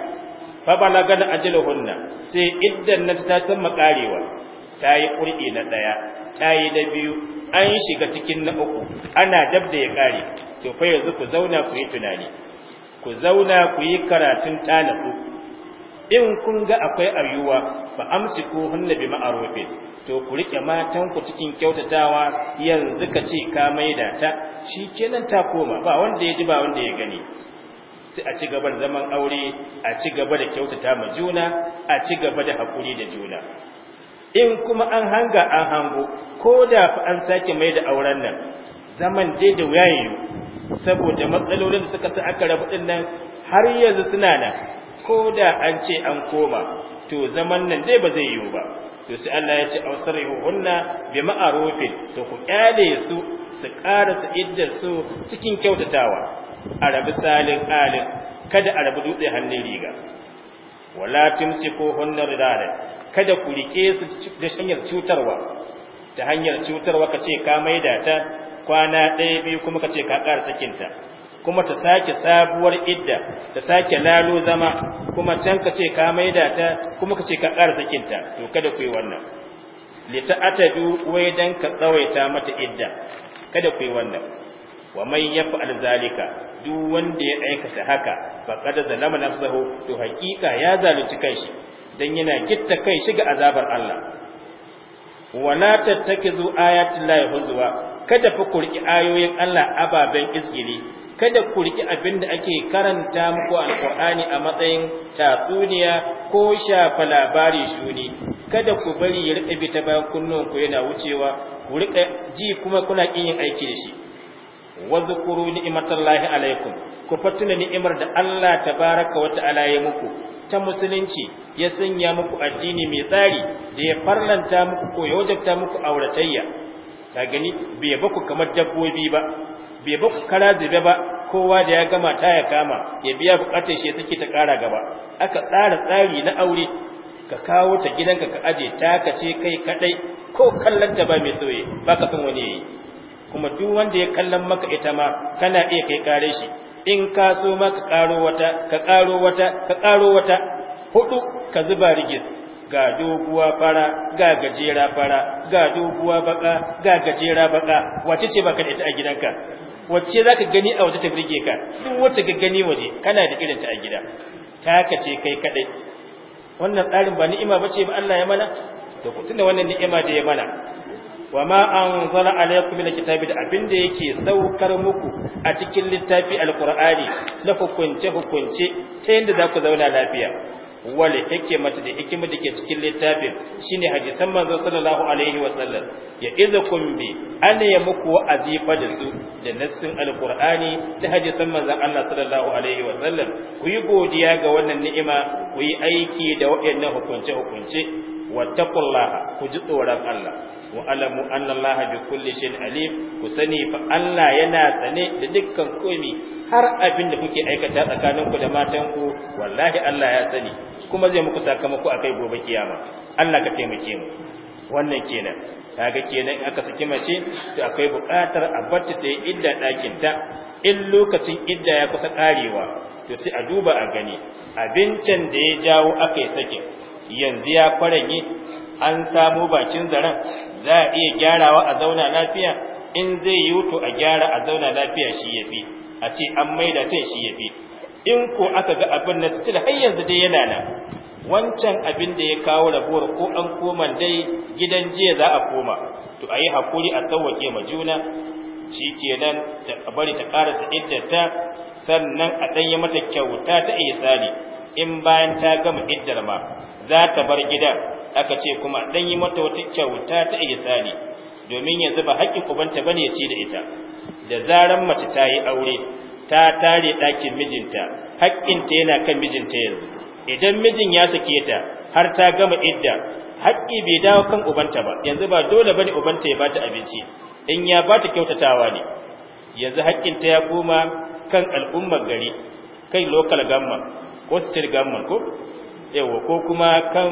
fa balagana ajaluhunna sai iddan nan ta san makarewa tayi qur'i na daya tayi da biyu an shiga cikin na uku ana dabda ya kare to fa yanzu ku zauna ku yi tunani ku zauna ku yi karatun talaku in kun ga akwai ayyuwa ba amsiku hunna bi ma'arufin to ku rike matanku cikin kyautatawa yanzu ka ce ka maida ta shi kenan ta koma ba wanda ya ji ba wanda ya gani sai a ci gaba da zaman aure a ci gaba da kyautata ma juna a ci gaba da hakuri da juna in kuma an hanga an hango ko da fa an sake mai da auren nan zaman dai da wuya saboda matsalolin da suka sa aka rabu din nan har yanzu suna nan ko da an ce an koma to zaman nan dai ba zai yiwu ba to sai Allah ya ce hunna bi ma'arufin to ku kyale su su ƙara su iddar su cikin kyautatawa arabi salin alin kada arabi dutse hannun riga wala hunna ridadan kada ku rike su da hanyar cutarwa ta hanyar cutarwa ka ce ka maida ta kwana ɗaya biyu kuma ka ce ka ƙara sakinta kuma ta sake sabuwar idda ta sake lalo zama kuma can ka ce ka maida ta kuma ka ce ka ƙara sakinta to kada ku yi wannan li atadu wai dan ka tsawaita mata idda kada ku yi wannan wa man yaf'al zalika duk wanda ya aikata haka faqad zalama nafsahu to haƙiƙa ya zalunci kanshi dan yana gitta kai shiga azabar Allah wala tattakizu ayati llahi huzwa kada fa kurki ayoyin Allah ababen izgiri kada ku riki abin da ake karanta muku alqur'ani a matsayin tatsuniya ko shafa labari shuni kada ku bari ya rike bi ta bayan kunnon ku yana wucewa ku rika ji kuma kuna kin yin aiki da shi wa zkuru ni'matallahi alaikum ku fatuna ni'imar da Allah ta wa ta'ala ya muku ta musulunci ya sanya muku addini mai tsari da ya farlanta muku ko ya wajabta muku auratayya ka gani bai baku kamar dabbobi ba bai baku kara zube ba kowa da ya gama ta ya kama ya biya bukatar shi take ta kara gaba aka tsara tsari na aure ka kawo ta gidanka ka aje ta ka ce kai kadai ko kallanta ba mai soye ba ka san wani yayi kuma duk wanda ya kallon maka ita ma kana iya kai kare shi in ka so maka ka karo wata ka karo wata ka karo wata hudu ka zuba rigis ga doguwa fara ga gajera fara ga doguwa baka ga gajera baka wace ce baka da ita a gidanka wace zaka gani a waje ta rige ka duk wacce ka gani waje kana da irin ta a gida Ta ce kai kadai wannan tsarin ba ni'ima bace ba Allah ya mana to da wannan ni'ima da ya mana wa ma anzala alaykum min alkitabi da abinda yake saukar muku a cikin littafi alqur'ani na hukunce hukunce ta yanda za ku zauna lafiya wal mata da hikima da ke cikin littafin shine hadisan manzo sallallahu alaihi wa sallam ya izakum bi an ya muku wa'azi da su da nassin alqur'ani da hadisan manzo Allah sallallahu alaihi wa sallam ku yi godiya ga wannan ni'ima ku yi aiki da wa'annan hukunce hukunce wattaqullaha ku ji tsoron Allah wa alamu anna Allah bi kulli shay'in alim ku sani fa Allah yana tsane da dukkan komai har abin da kuke aikata tsakanin ku da matan ku wallahi Allah ya sani kuma zai muku sakamako akai gobe kiyama Allah ka taimake mu wannan kenan kaga kenan aka saki mace to akwai buƙatar a bacci ta idda ɗakin ta in lokacin idda ya kusa ƙarewa to sai a duba a gani abincin da ya jawo aka yi sakin yanzu ya kwaranye an samu bakin zaren za a iya gyarawa a zauna lafiya in zai yi wuto a gyara a zauna lafiya shi ya fi a ce an maida sai shi ya fi. in ko aka ga abin na sitil har yanzu dai yana nan wancan abin da ya kawo rabuwar ko an koma dai gidan jiya za a koma to a yi hakuri a sauke ma juna shi kenan ta bari ta karasa iddata sannan a ɗanyi mata kyauta ta isali in bayan ta gama iddar ma za ta bar gida, aka ce kuma dan yi mata wata kyauta ta ihsani domin yanzu ba haƙƙin ubanta bane ya ci da ita da zaran mace ta yi aure ta tare ɗakin mijinta haƙƙinta yana kan mijinta yanzu idan mijin ya sake ta har ta gama idda haƙƙi bai dawo kan ubanta ba yanzu ba dole bane ubanta ya bata abinci in ya bata kyautatawa ne yanzu haƙƙinta ya koma kan al'ummar gari kai local gamma ko state gamma ko yawa ko kuma kan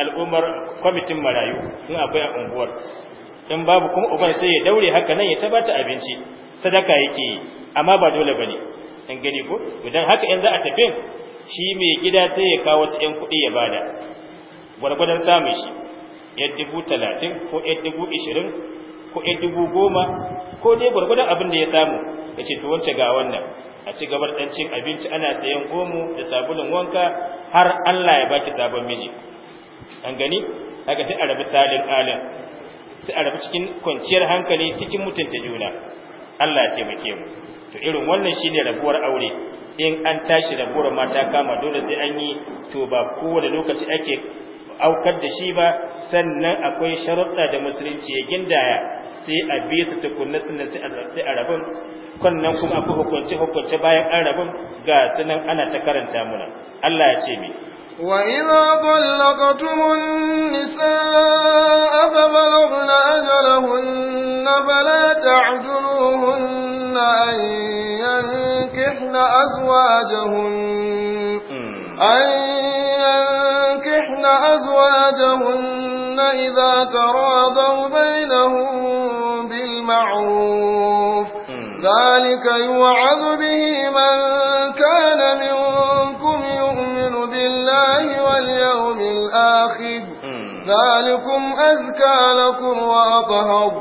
al'ummar kwamitin marayu in akwai a unguwar in babu kuma uban sai ya daure haka nan ya tabata abinci sadaka yake yi amma ba dole ba ne, an gani ko idan haka in za a tafin shi mai gida sai ya kawo wasu 'yan kuɗi ya bada gwargwadon samun shi ya dubu talatin ko ya dubu ishirin ko ya dubu goma ko dai gwargwadon abin da ya samu ya ce to wance ga wannan a ci gabar da cin abinci ana sayan gomo da sabulun wanka har Allah ya baki sabon miji an gani haka sai a rabu salin alin sai a rabu cikin kwanciyar hankali cikin mutunta juna Allah ya taimake mu to irin wannan shine rabuwar aure in an tashi rabuwar mata kama dole sai an yi to ba kowane lokaci ake aukar da shi ba sannan akwai sharuɗa da musulunci ya gindaya sai a bi su tukunna sannan sai a zartsi a rabin kwanan kuma akwai hukunci hukunci bayan an rabin ga sunan ana ta karanta muna Allah ya ce mi وإذا طلقتم النساء فبلغن أجلهن فلا تعجلوهن أن ينكحن أزواجهن أن يرثين أزواجهن إذا تراضوا بينهم بالمعروف ذلك يوعظ به من كان منكم يؤمن بالله واليوم الآخر ذلكم أزكى لكم وأطهر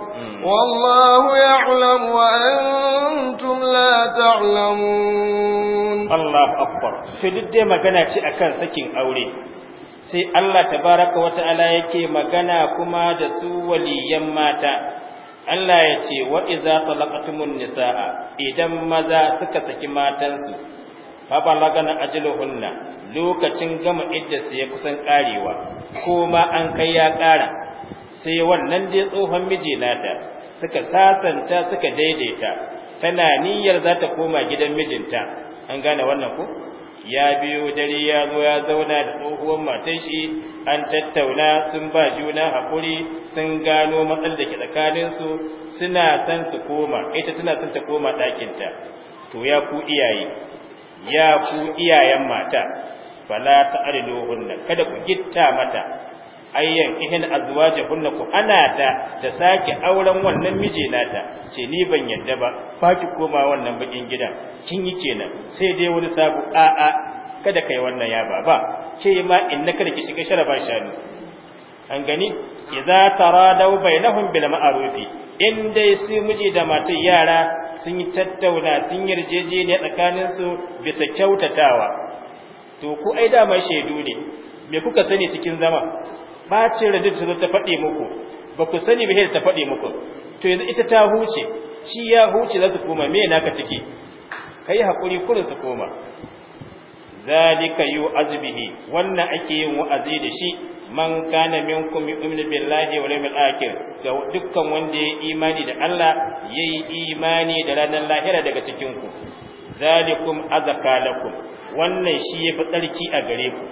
والله يعلم وأنتم لا تعلمون الله أكبر في دي مغانا تي أكان سكين أولي sai Allah ta tabaraka wa ta'ala yake magana kuma da su waliyan mata Allah ya ce wa iza talakatumun nisaa idan maza suka saki matansu fa balagana hunna, lokacin gama idda su ya kusan karewa ko ma an kai ya ƙara. sai wannan dai tsohon miji nata suka sasanta suka daidaita tana niyyar za ta koma gidan mijinta an gane wannan ko ya biyo dare ya zo ya zauna da tsohuwar matan shi an tattauna sun ba juna hakuri sun gano matsalar da ke tsakaninsu suna son su koma ita tana son ta koma ɗakinta to ya ku iyaye ya ku iyayen mata fala ta'adiluhunna kada ku gitta mata ayyan ihin azwajahunna ku ana ta ta sake auren wannan miji nata ce ni ban yadda ba fa ki koma wannan bakin gidan kin yi kenan sai dai wani sabu a a kada kai wannan ya baba ke ma inna kada ki shiga sharaba shanu an gani idza taradaw bainahum bil ma'ruf in dai su miji da matan yara sun yi tattauna sun yarjejeniya su bisa kyautatawa to ku ai da ma shaidu ne me kuka sani cikin zama bacin radin ta zo ta faɗi muku ba ku sani ba ta faɗi muku to yanzu ita ta huce shi ya huce za su koma me naka ciki kai hakuri kurin su koma zalika yu'azu bihi wannan ake yin wa'azi da shi man kana minkum yu'minu billahi wal yawmil akhir ga dukkan wanda ya imani da Allah yayi imani da ranar lahira daga cikin ku zalikum azaka lakum wannan shi yafi tsarki a gare ku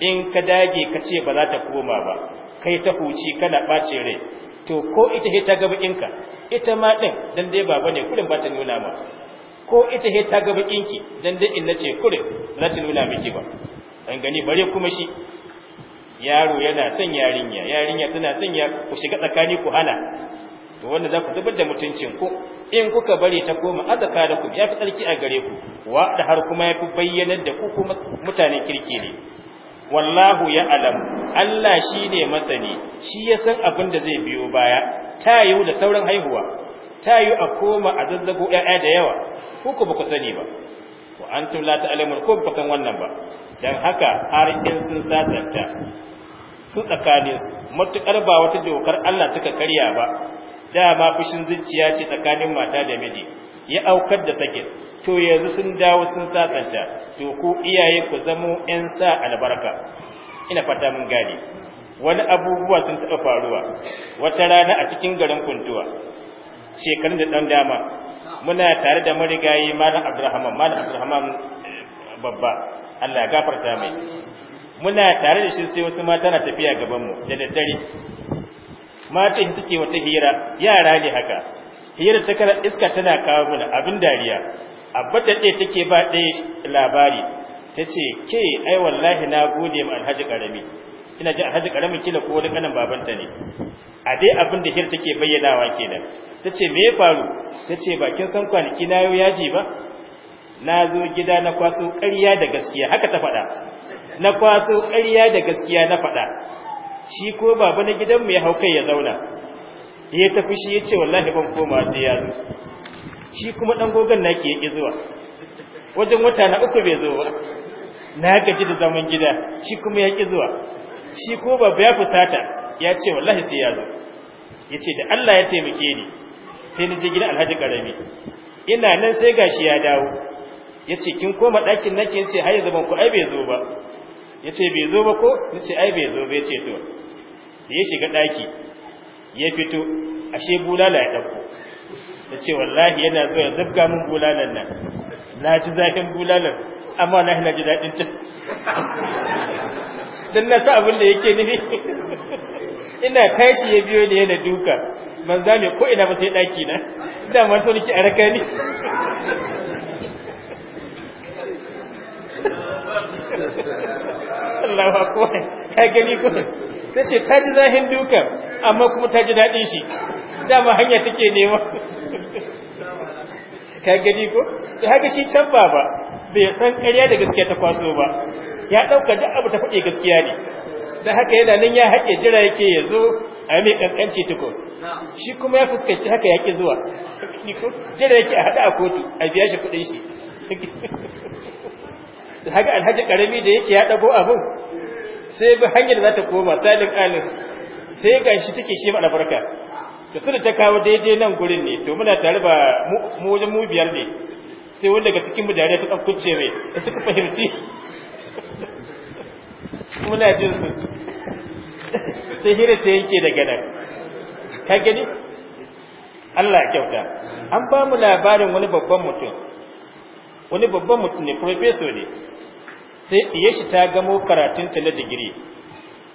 in ka dage ka ce ba za ta koma ba kai ta huci kana ɓace rai to ko ita he ta gaba inka ita ma ɗin dan dai ba bane kurin ba ta nuna ma ko ita he ta gaba inki dan dai in nace kurin za ta nuna miki ba an gani bare kuma shi yaro yana son yarinya yarinya tana son ya ku shiga tsakani ku hana to wanda za ku zubar da mutuncin ku in kuka bari ta koma azaka da ku ya fi tsarki a gare ku wa da har kuma ya fi bayyanar da ku kuma mutanen kirki ne wallahu ya alam Allah shi ne masani shi ya san abin da zai biyo baya ta yiwu da sauran haihuwa ta yiwu a koma a zazzago 'ya'ya da yawa ko ku ba ku sani ba wa antum la ta'lamu ko ba san wannan ba dan haka har in sun sasanta su tsakanin su matukar ba wata dokar Allah suka karya ba dama fushin zuciya ce tsakanin mata da miji ya aukar da sakin to yanzu sun dawo sun sasanta to ku iyaye ku zamo ƴan sa albarka ina fata mun gane wani abubuwa sun taɓa faruwa wata rana a cikin garin kuntuwa shekarun da ɗan dama muna tare da marigayi malam abdurrahman malam abdurrahman eh, babba Allah gafarta mai muna tare da shi sai wasu mata na tafiya gaban mu da daddare mata suke wata hira yara ne haka hirar ta iska tana kawo mana abin dariya abba da take ba ɗaya labari ta ce ke ai wallahi na gode ma alhaji karami ina ji alhaji karamin kila ko wani kanan babanta ne a dai abin da hir take bayyanawa kenan tace me ya faru tace ba kin san kwanaki na yau yaji ba na zo gida na kwaso ƙarya da gaskiya haka ta faɗa na kwaso ƙarya da gaskiya na faɗa shi ko baba na gidanmu ya hau kai ya zauna ya tafi shi ya ce wallahi ban koma sai ya zo shi kuma ɗan gogon naki ya ƙi zuwa wajen wata na uku bai zo ba na gaji da zaman gida shi kuma ya ƙi zuwa shi kuma ba ya fusata ya ce wallahi sai ya zo ya ce da Allah ya taimake ni sai na je gidan alhaji karami ina nan sai gashi ya dawo ya ce kin koma ɗakin nake ya ce har yanzu ban ku ai bai zo ba ya ce bai zo ba ko ya ce ai bai zo ba ya ce to ya shiga ɗaki ya fito ashe bulala ya dauko ta ce wallahi yana zuwa ya zabga min bulalan nan na ji zafin bulalan amma wallahi na ji daɗin ta dan na sa abin da yake nufi ina tashi ya biyo da yana duka Man zame ko ina ba sai daki na da ma so nake a raka ni Allah ba ko ta gani Ta ce ta ji zahin dukan amma kuma ta ji daɗin shi dama hanya take nema ka gani ko Da haka shi can ba. bai san ƙarya da gaskiya ta kwaso ba ya ɗauka duk abu ta faɗe gaskiya ne da haka yana nan ya haƙe jira yake ya zo a mai ƙanƙanci tuko shi kuma ya fuskanci haka ya ƙi zuwa jira yake a haɗa a kotu a biya shi kuɗin shi da haka alhaji ƙarami da yake ya ɗago abin sai bi hanyar za ta koma salin alin sai ga shi take shi mana farka da su da ta kawo daidai nan gurin ne to muna tare ba mu wajen mu biyar ne sai wanda daga cikin mu su suka kucce mai da suka fahimci muna jin su sai hira ta yake daga nan ka gani Allah kyauta an ba mu labarin wani babban mutum wani babban mutum ne professor ne sai diye shi ta gamo karatun ta na digiri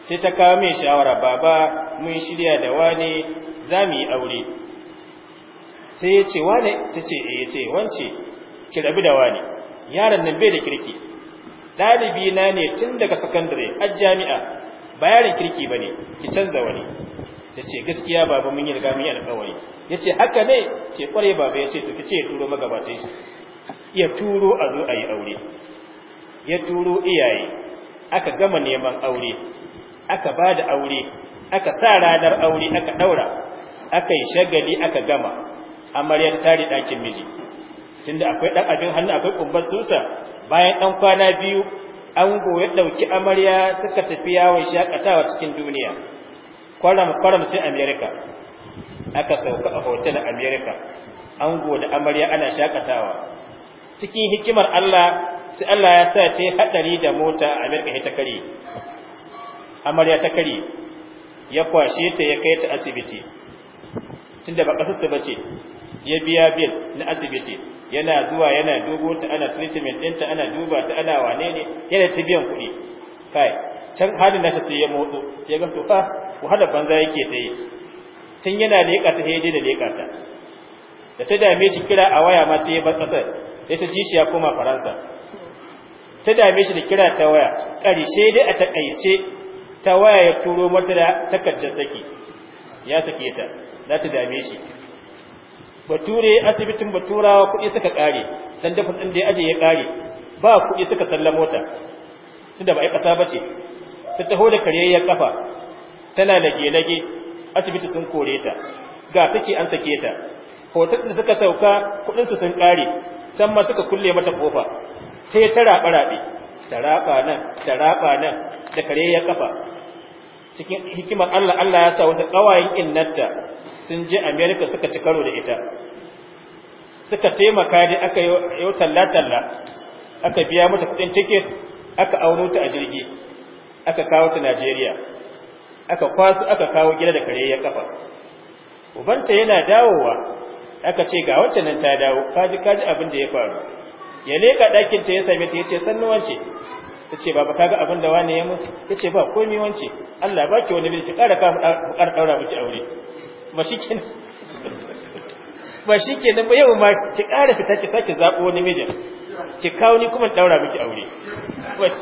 sai ta kawo min shawara baba mun shirya da wani za mu yi aure sai ya ce wane ta ce eh, ya ce wance ki rabu da wane yaron nan bai da kirki ɗalibi na ne tun daga sakandare a jami'a ba yaron kirki ba ne ki canza wani ta ce gaskiya baba mun yi riga mun yi alkawari ya ce haka ne ke kware baba ya ce to ki ce turo magabacin shi ya turo a zo a yi aure ya turo iyaye aka gama neman aure aka ba da aure aka sa ranar aure aka ɗaura aka yi shagali aka gama Amarya ta tare ɗakin miji tunda akwai ɗan abin hannu akwai kumbar susa bayan ɗan kwana biyu an ya ɗauki amarya suka tafi yawon shakatawa cikin duniya kwaram kwaram sai america aka sauka a hotel amerika an da amarya ana shakatawa cikin hikimar allah sai allah ya sa ce haɗari da mota a amerika ita kare amarya ta kare ya kwashe ta ya kai ta asibiti tunda ba kasarsa bace ya biya bil na asibiti yana zuwa yana dubo ta ana treatment ɗinta ana duba ta ana wane ne yana ta biyan kuɗi kai can halin nasa sai ya motso ya ga to fa wahala banza yake ta yi tun yana leƙa ta sai da leƙa ta da ta dame shi kira a waya ma sai ya bar ƙasar sai ta ji shi ya koma faransa ta dame shi da kira ta waya ƙarshe dai a takaice ta waya ya turo mata da takardar saki ya sake ta za ta dame shi bature asibitin baturawa kuɗi suka ƙare dan dafa ɗin da ya aje ya ƙare ba kuɗi suka sallamo ta tunda ba ai ƙasa ba ce ta taho da karyayyar kafa tana lage-lage asibiti sun kore ta ga saki an sake ta hotar da suka sauka kuɗinsu sun ƙare san ma suka kulle mata kofa sai ta raɓa raɓe ta raɓa nan ta raɓa nan da karyayyar kafa cikin hikimar Allah Allah ya sa wasu ƙawayen innata sun je Amerika suka ci karo da ita suka taimaka da aka yau talla-talla aka biya mata kuɗin tiket aka auno ta a jirgi aka kawo ta Najeriya aka kwasu aka kawo gida da kare ya kafa ubanta yana dawowa aka ce ga wacce nan ta dawo kaji kaji abin da ya faru ya leka ɗakin ta ya same ta yace sannuwan ce ta ce baba kaga abin da wani ya mun ta ce ba komi wance Allah baki wani bai ki ƙara ka buƙar ɗaura miki aure ba shi ke ba shi kenan ba yau ma ki ƙara fita ki sake zaɓo wani mijin ki kawo ni kuma ɗaura miki aure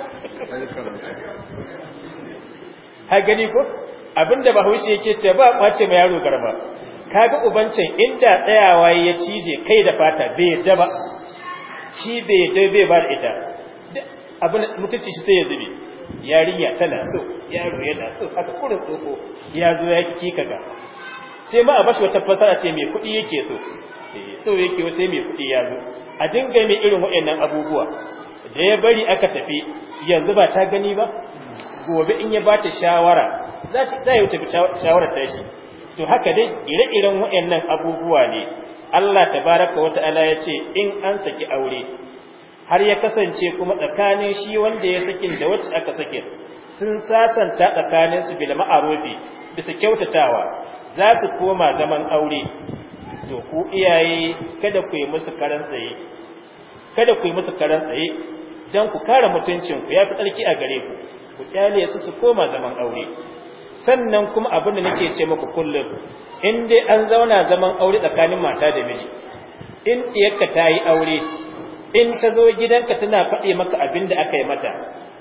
ha gani ko abinda bahaushe yake ce ba kwace mai yaro garba kaga ubancin inda tsayawa ya cije kai da fata bai yadda ba shi bai yadda bai ba da ita abin mutunci shi sai ya zube yarinya tana so yaro yana so haka kurin tsoko ya zo ya ki kaga sai ma a bashi wata fasara ce mai kuɗi yake so eh, so yake sai mai kuɗi ya zo a dinga mai irin waɗannan abubuwa da ya bari aka tafi yanzu ba ta gani ba gobe in ya ba ta shawara za ta yi tafi shawarar ta shi to haka dai ire-iren waɗannan abubuwa ne Allah tabaraka wata ala ya ce in an saki aure har ya kasance kuma tsakanin shi wanda ya sakin da wacce aka sake sun sasanta tsakanin su bil ma'arufi bisa kyautatawa za su koma zaman aure to ku iyaye kada ku yi musu karantsaye, tsaye kada ku yi musu karan dan ku kare mutuncin ku yafi tsarki a gare ku ku kyale su su koma zaman aure sannan kuma abin da nake ce muku kullum in dai an zauna zaman aure tsakanin mata da miji in diyarka ta yi aure in ta zo gidanka tana faɗe maka abin da aka yi mata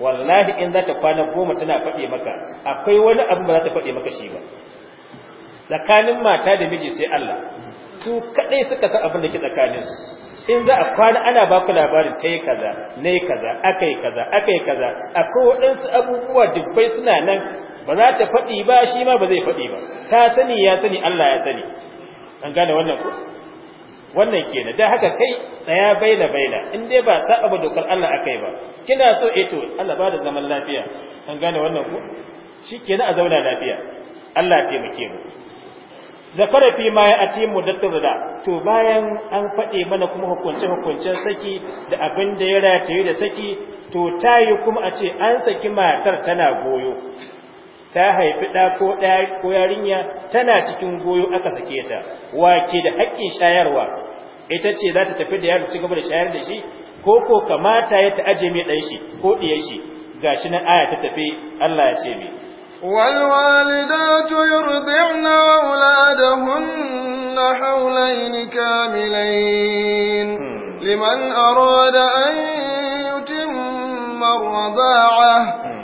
wallahi in za ta kwana goma tana faɗe maka akwai wani abu ba za ta faɗe maka shi ba tsakanin mata da miji sai Allah su kaɗai suka san abin da ke tsakanin in za a kwana ana ba ku labarin ta yi kaza na yi kaza aka yi kaza aka yi kaza akwai waɗansu abubuwa dubbai suna nan ba za ta faɗi ba shi ma ba zai faɗi ba ta sani ya sani Allah ya sani an gane wannan ko wannan kenan dan haka kai tsaya baina baina in dai ba ta abu dokar Allah akai ba kina so eh to Allah ba da zaman lafiya an gane wannan ko shikenan a zauna lafiya Allah ya taimake mu zakara fi ma ya ati mudattir da to bayan an fade mana kuma hukunce hukuncen saki da abin da ya rataye da saki to tayi kuma a ce an saki matar tana goyo ta haifi ɗa ko ɗaya ko yarinya tana cikin goyo aka sake ta wake da haƙƙin shayarwa ita ce za ta tafi da yaro ci gaba da shayar da shi ko ko kamata ya ta aje mai dan shi ko diyar shi gashi nan aya ta tafi Allah ya ce mi wal walidatu yurdi'na auladahunna hawlayn kamilayn hmm. liman arada an yutimma ar-rada'ah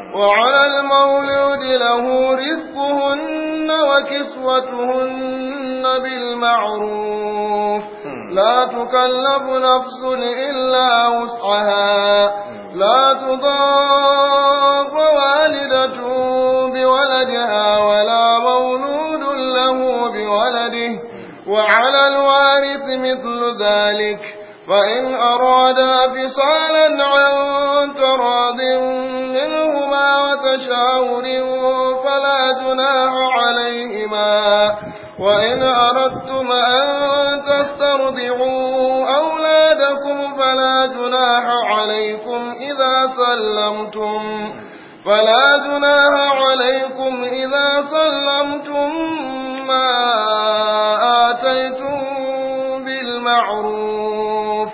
وعلى المولود له رزقهن وكسوتهن بالمعروف لا تكلف نفس إلا وسعها لا تضاف والدة بولدها ولا مولود له بولده وعلى الوارث مثل ذلك فإن أرادا فصالا عن تراض منهما وتشاور فلا جناح عليهما وإن أردتم أن تسترضعوا أولادكم فلا جناح عليكم إذا سلمتم فلا جناح عليكم إذا سلمتم ما آتيتم بالمعروف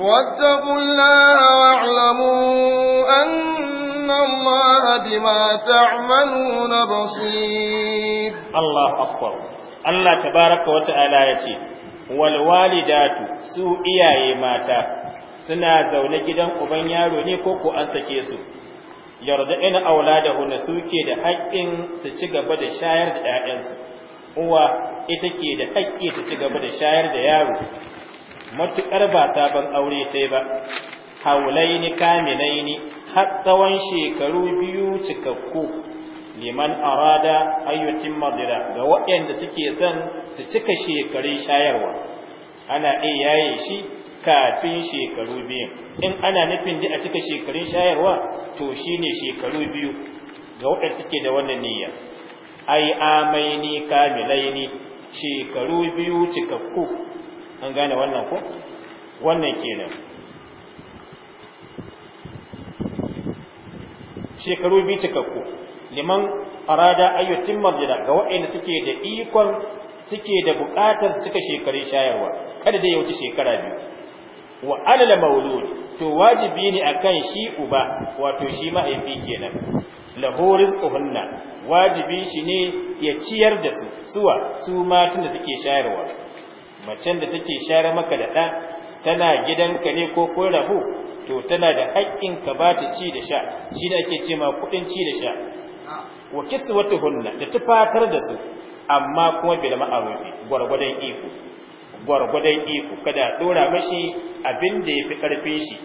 واتقوا الله واعلموا أن الله بما تعملون بصير الله أكبر Allah tabaraka wa ta'ala ya ce walwali datu, su iyaye mata suna zaune gidan uban yaro ne ko ku an sake su da huna suke da haƙƙin su ci gaba da shayar da 'ya'yansu, uwa ita ke da haƙƙi su ci gaba da shayar da yaro matuƙar ba sabon aure sai ba ni, kamilaini har tsawon shekaru biyu cikakku liman arada ayyutin madira ga waɗanda suke son su cika shekarun shayarwa ana iya yaye shi kafin shekaru biyu in ana nufin da a cika shekarun shayarwa to shine shekaru biyu ga waɗanda suke da wannan niyya ai amaini kamilaini shekaru biyu cikakku an gane wannan ko wannan kenan shekaru biyu cikakku liman arada ayyutin marjida ga wa'ayin suke da ikon suke da buƙatar suka shekare shayarwa kada dai ya wuce shekara biyu wa alal maulud to wajibi ne akan shi uba wato shi mahaifi kenan lahu rizquhunna wajibi shi ne ya ciyar da su suwa su matan da suke shayarwa macen da take shayar maka da ɗa tana gidanka ne ko ko rabu to tana da haƙƙin ka ba ta ci da sha shi da ake ce ma kuɗin ci da sha wa kiswatuhunna da tufatar da su amma kuma bil ma'arufi gwargwadon iko gwargwadon iko kada dora mashi abin da yafi karfin shi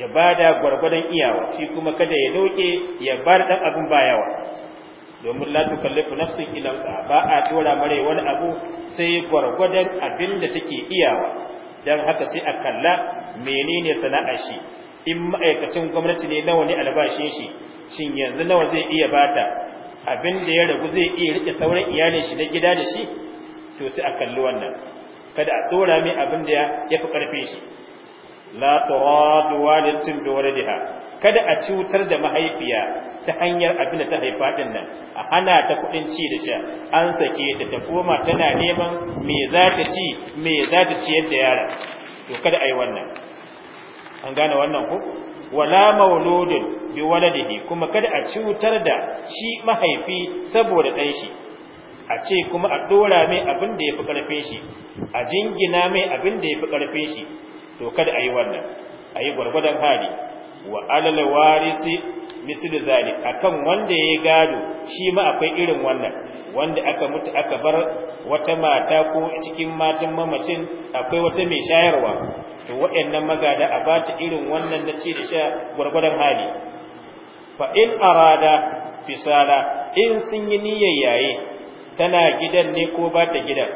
ya bada gwargwadon iyawa shi kuma kada ya doke ya bar dan abin bayawa domin la tukallifu nafsin illa ba a dora mare wani abu sai gwargwadon abin da take iyawa dan haka sai a kalla menene sana'ar shi in ma'aikacin gwamnati ne nawa ne albashin shi shin yanzu nawa zai iya bata abin da ya ragu zai iya rike sauran iyalin shi na gida da shi to sai a kalli wannan kada a tsora mai abin da ya fi karfe shi la turadu walidatun bi waladiha kada a cutar da mahaifiya ta hanyar abin da ta haifa din nan a hana ta kuɗin ci da sha an sake ta ta koma tana neman me za ta ci me za ta ciyar da yara to kada a yi wannan an gane wannan ko wala mauludin bi waladihi kuma kada a cutar da shi mahaifi saboda ɗan shi a ce kuma a dora mai abin da yafi karfin shi a jingina mai abin da yafi karfin shi to kada a yi wannan a yi gwargwadon hali wa alal warisi mislu zalik akan wanda yayi gado shi ma akwai irin wannan wanda aka mutu aka bar wata mata ko cikin matan mamacin akwai wata mai shayarwa to waɗannan magada a bata irin wannan na ci da sha gurgurdan hali fa in arada fisala in sun yi niyyar yaye tana gidan ne ko bata ta gidan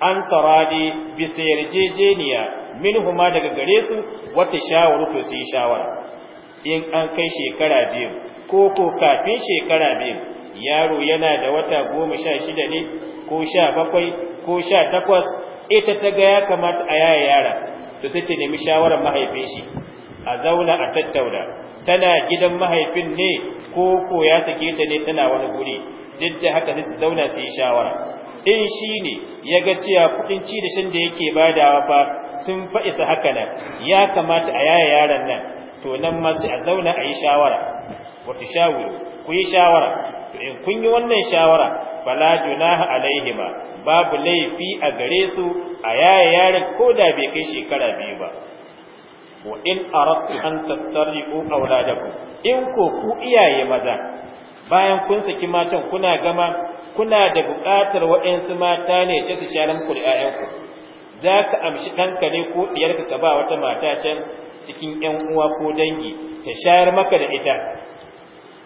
an taradi bisa yarjejeniya minhuma daga gare su wata shawara to su yi shawara in an kai shekara biyu ko ko kafin shekara biyu yaro yana da wata goma sha shida ne ko sha bakwai ko sha takwas ita ta ga ya kamata a yaya yara to sai ta nemi shawarar mahaifin shi a zauna a tattauna tana gidan mahaifin ne ko ko ya sake ta ne tana wani guri duk da haka su zauna su yi shawara in shi ne ya ga cewa kudin ci da shan da yake badawa fa sun fa isa haka nan ya kamata a yaya yaran nan to nan ma sai a zauna a yi shawara wa tushawiru ku yi shawara to in kun yi wannan shawara bala junaha ba, babu laifi a gare su a yaya yaran ko da bai kai shekara biyu ba wa in aradtu an tastariqu awladakum in ko ku iyaye maza bayan kun saki matan kuna gama kuna da buƙatar waɗansu mata ne ce su sharan ku da za ka amshi ɗanka ne ko ɗiyarka ka ba wata mata can cikin ƴan uwa ko dangi ta shayar maka da ita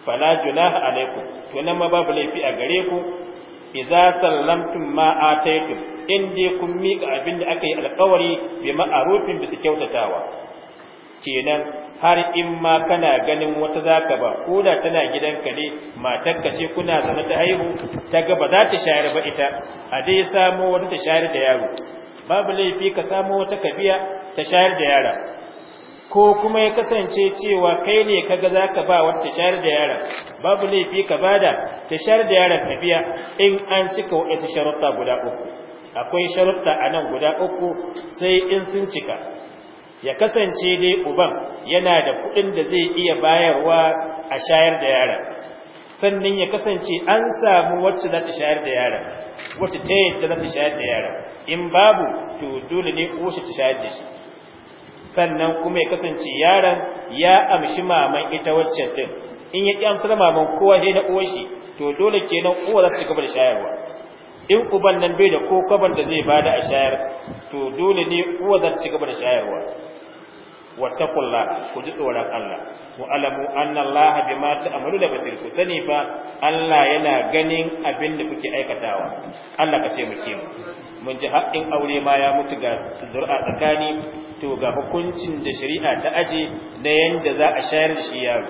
fala junaha alaikum to nan ma babu laifi a gare ku idza sallamtum ma ataytum in dai kun mika abin da aka yi alƙawari bi ma'arufin bisa kyautatawa kenan har in ma kana ganin wata zaka ba ko da tana gidanka ne matarka ce kuna zama ta haihu ta ga ba za ta shayar ba ita a dai samo wata ta shayar da yaro babu laifi ka samo wata kabiya ta shayar da yara ko kuma ya kasance cewa kai ne kaga ka ba wata shayar da yaran, babu laifi ka bada tashar da yaran tafiya in an cika wa'ita sharuɗa guda uku akwai sharuɗa nan guda uku sai in sun cika ya kasance dai uban yana da kuɗin da zai iya bayarwa a shayar da yaran, sannan ya kasance an samu wacce za ta shayar da yaran, wacce ta yadda za ta shayar da yaran? in babu to dole ne shi ta shayar da shi sannan kuma ya kasance yaron ya amshi maman ita waccan din in ya ki amsar maman kowa dai na uwashi to dole kenan uwa za ta da shayarwa in uban nan bai da ko kwaban da zai bada a shayar to dole ne uwa za ta da shayarwa wattaqullah ku ji tsoron Allah mu alamu anna Allah bima ta'malu da basir ku sani fa Allah yana ganin abin da kuke aikatawa Allah ka taimake mu mun ji haƙƙin aure ma ya mutu ga zuri'a tsakani to ga hukuncin da shari'a ta aje na yanda za a shayar da shi yaro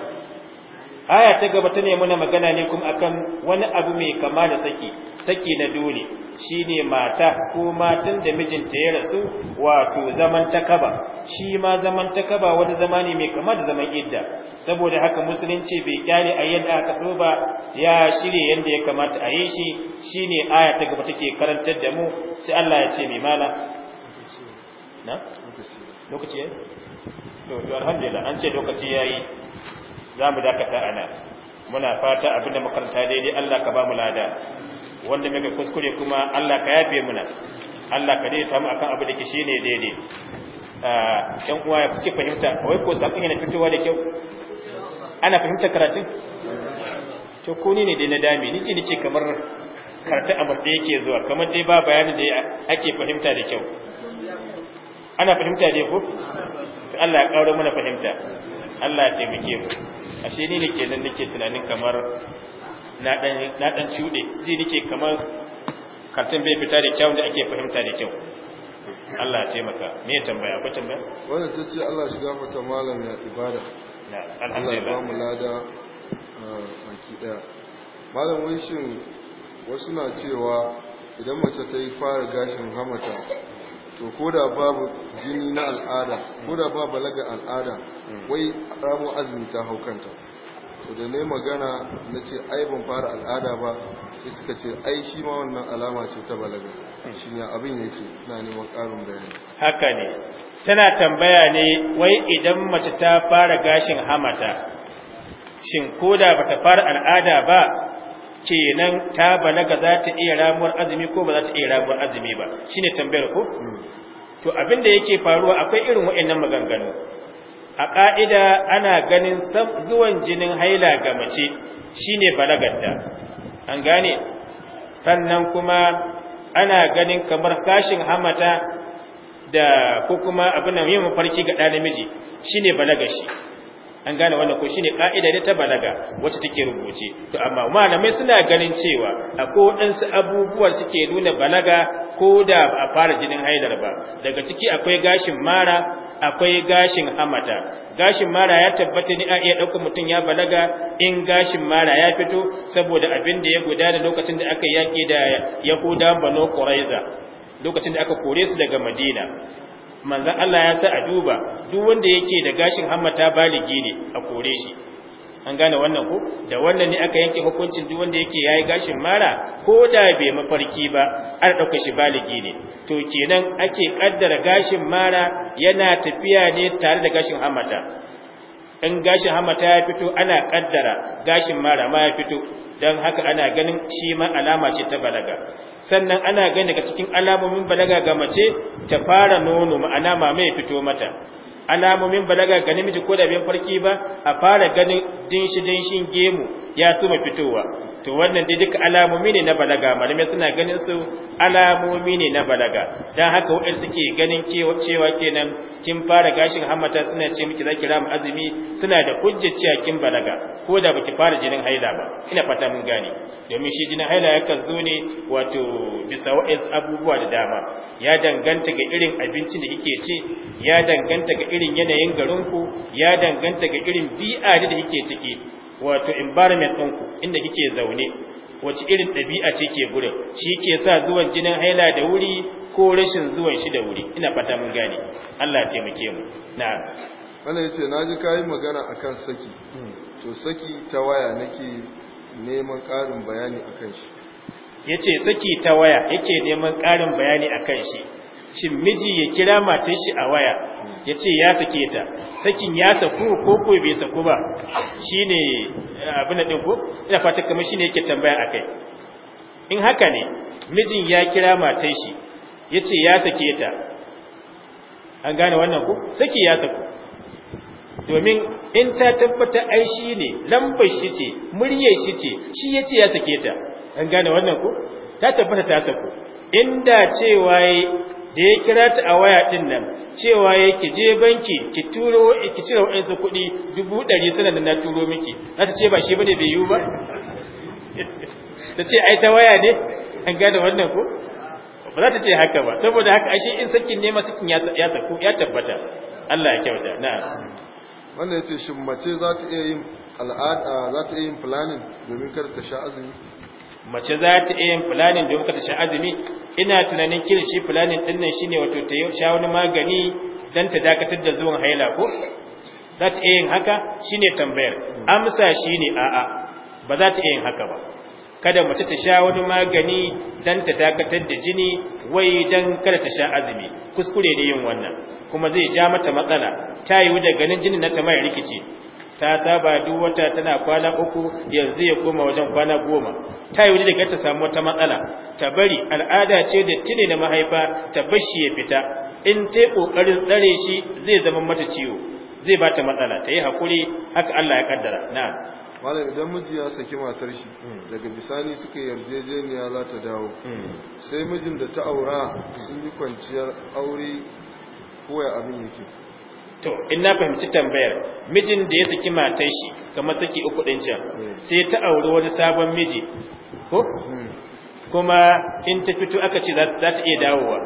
aya ta gaba ta nemi na magana ne kuma akan wani abu mai kama da saki saki na dole shine mata ko matan da mijinta ya rasu wato zaman takaba shi ma zaman takaba wani zama ne mai kama da zaman idda saboda haka musulunci bai kyale a yadda aka so ba ya shirye yadda ya kamata a yi shi shine aya ta gaba take karantar da mu sai Allah ya ce mai mana na lokaci yayi to to alhamdulillah an ce lokaci yayi mu dakata ana muna fata abinda makaranta daidai Allah ka ba mu lada wanda mai kuskure kuma Allah ka yafe muna Allah ka daidaita mu akan abin da ke shine daidai ah, yan uwa ya kuke fahimta wai ko sabon yana fitowa da kyau ana fahimta karatun to ko ni ne dai na dami ni ce kamar karatu a yake zuwa kamar dai ba bayanin da ake fahimta da kyau ana fahimta dai ko to Allah ya kawo mana fahimta Allah ya taimake mu ashe ni ne kenan nake tunanin kamar na dan na dan ciude ji nake kamar karton bai fita da kyau da ake fahimta da kyau Allah ya taimaka me ya tambaya akwai tambaya wannan ce Allah shiga mata malam ya ibada na alhamdulillah Allah ya ba mu lada ah, baki daya malam wai shin wasu na cewa idan mace ta yi fara gashin hamata to ko da babu jini na al'ada ko da ba balaga al'ada hmm. wai ramu azumi ta hau kanta to da ne magana na ce ai ban fara al'ada ba sai suka ce ai shi ma wannan alama ce ta balaga hmm. shi ne abin ke na neman ƙarin bayani haka ne tana tambaya ne wai idan mace ta fara gashin hamata shin ko da bata fara al'ada ba kenan ta balaga za ta iya ramuwar azumi ko ba za ta iya ramuwar azumi ba ne tambayar ko to abin da yake faruwa akwai irin waɗannan maganganu a ƙa'ida ana ganin zuwan jinin haila ga mace shi ne balagarta an gane sannan kuma ana ganin kamar kashin hamata da ko kuma abin da yin mafarki ga ɗa namiji shine shi. an gane wannan ko shine ka'ida ne ta balaga wacce take rubuce to amma malamai suna ganin cewa akwai waɗansu abubuwan suke nuna balaga ko da a fara jinin haidar ba daga ciki akwai gashin mara akwai gashin hamata gashin mara ya tabbata ni a iya ɗaukan mutum ya balaga in gashin mara ya fito saboda abin da ya gudana lokacin da aka yaki da yahuda bano quraiza lokacin da aka kore su daga madina manzan Allah ya sa a duba duk wanda yake da gashin hammata baligi ne a kore shi an gane wannan ko da wannan ne aka yanke hukuncin duk wanda yake yayi gashin mara ko da bai mafarki ba an dauka shi baligi ne to kenan ake kaddara gashin mara yana tafiya ne tare da gashin hammata in gashin hamata ya fito ana kaddara gashin mara ma ya fito don haka ana ganin shi ma alama ce ta balaga sannan ana gani daga cikin alamomin balaga ga mace ta fara nono ma'ana ma mai fito mata alamomin balaga ga namiji ko da bai farki ba a fara ganin din dinshin gemu ya su ma fitowa to wannan dai duka alamomi ne na balaga malume suna ganin su alamomi ne na balaga dan haka waɗanda suke ganin cewa kenan kin fara gashin hammata suna ce miki zaki mu azumi suna da hujjar cewa kin balaga ko da baki fara jinin haila ba ina fata mun gane domin shi jinin haila yakan zo ne wato bisa wa'is abubuwa da dama ya danganta ga irin abincin da kike ci ya danganta ga irin yanayin garinku ya danganta ga irin bi'a da kike ciki wato environment ɗinku inda kike zaune wace irin ɗabi'a ce ke gurin shi ke sa zuwan jinin haila da wuri ko rashin zuwan shi da wuri ina fata mun gane Allah ya taimake mu na'am wannan yace naji kai magana akan saki hmm. to saki ta waya nake neman ƙarin bayani akan shi yace saki ta waya yake neman ƙarin bayani akan shi shin miji ya kira matar shi a waya ya ce ya sake ta sakin ya saku ko ko bai saku ba shine eh, abin din ko ina fata kamar shine yake tambaya akai in haka ne mijin ya kira matar shi ya ce ya sake ta an gane wannan ko saki ya saku domin in ta tabbata ai shi ne lambar shi ce muryar shi ce shi ya ce ya sake ta an gane wannan ko ta tabbata ta saku inda cewa da ya kira ta a waya din nan cewa ya ki je banki ki turo ki cire wa'ansu kuɗi dubu ɗari da na turo miki na ta ce ba shi bane bai yiwu ba ta ce ai ta waya ne an gane wannan ko ba za ta ce haka ba saboda haka ashe in sakin ne masu kin ya saku ya tabbata Allah ya kyauta na'am wannan yace shin mace za ta iya yin al'ada za ta iya yin planning domin kar ta sha azumi mace za ta iya yin fulanin don ka tashi azumi ina tunanin kin shi fulanin din nan shine wato ta sha wani magani dan ta dakatar da zuwan haila ko za ta iya yin haka shine tambayar amsa shine a'a ba za ta iya yin haka ba kada mace ta sha wani magani dan ta dakatar da jini wai dan kada ta sha azumi kuskure ne yin wannan kuma zai ja mata matsala ta yiwu da ganin jinin na ta mai rikici ta saba duk wata tana kwana uku yanzu ya koma wajen kwana goma ta yi daga ta samu wata matsala ta bari al'ada ce da tune na mahaifa ta bashi ya fita in ta kokarin tsare shi zai zama mata ciwo zai bata matsala ta yi hakuri haka Allah ya kaddara na'am malam idan miji ya saki matar shi daga bisani suka yarjejeniya za ta dawo sai mijin da ta aura sun yi kwanciyar aure ko ya abin yake to in na fahimci tambayar mijin da ya saki matar shi kamar saki uku din can sai ta auri wani sabon miji ko hmm. kuma in ta fito aka ce za ta iya dawowa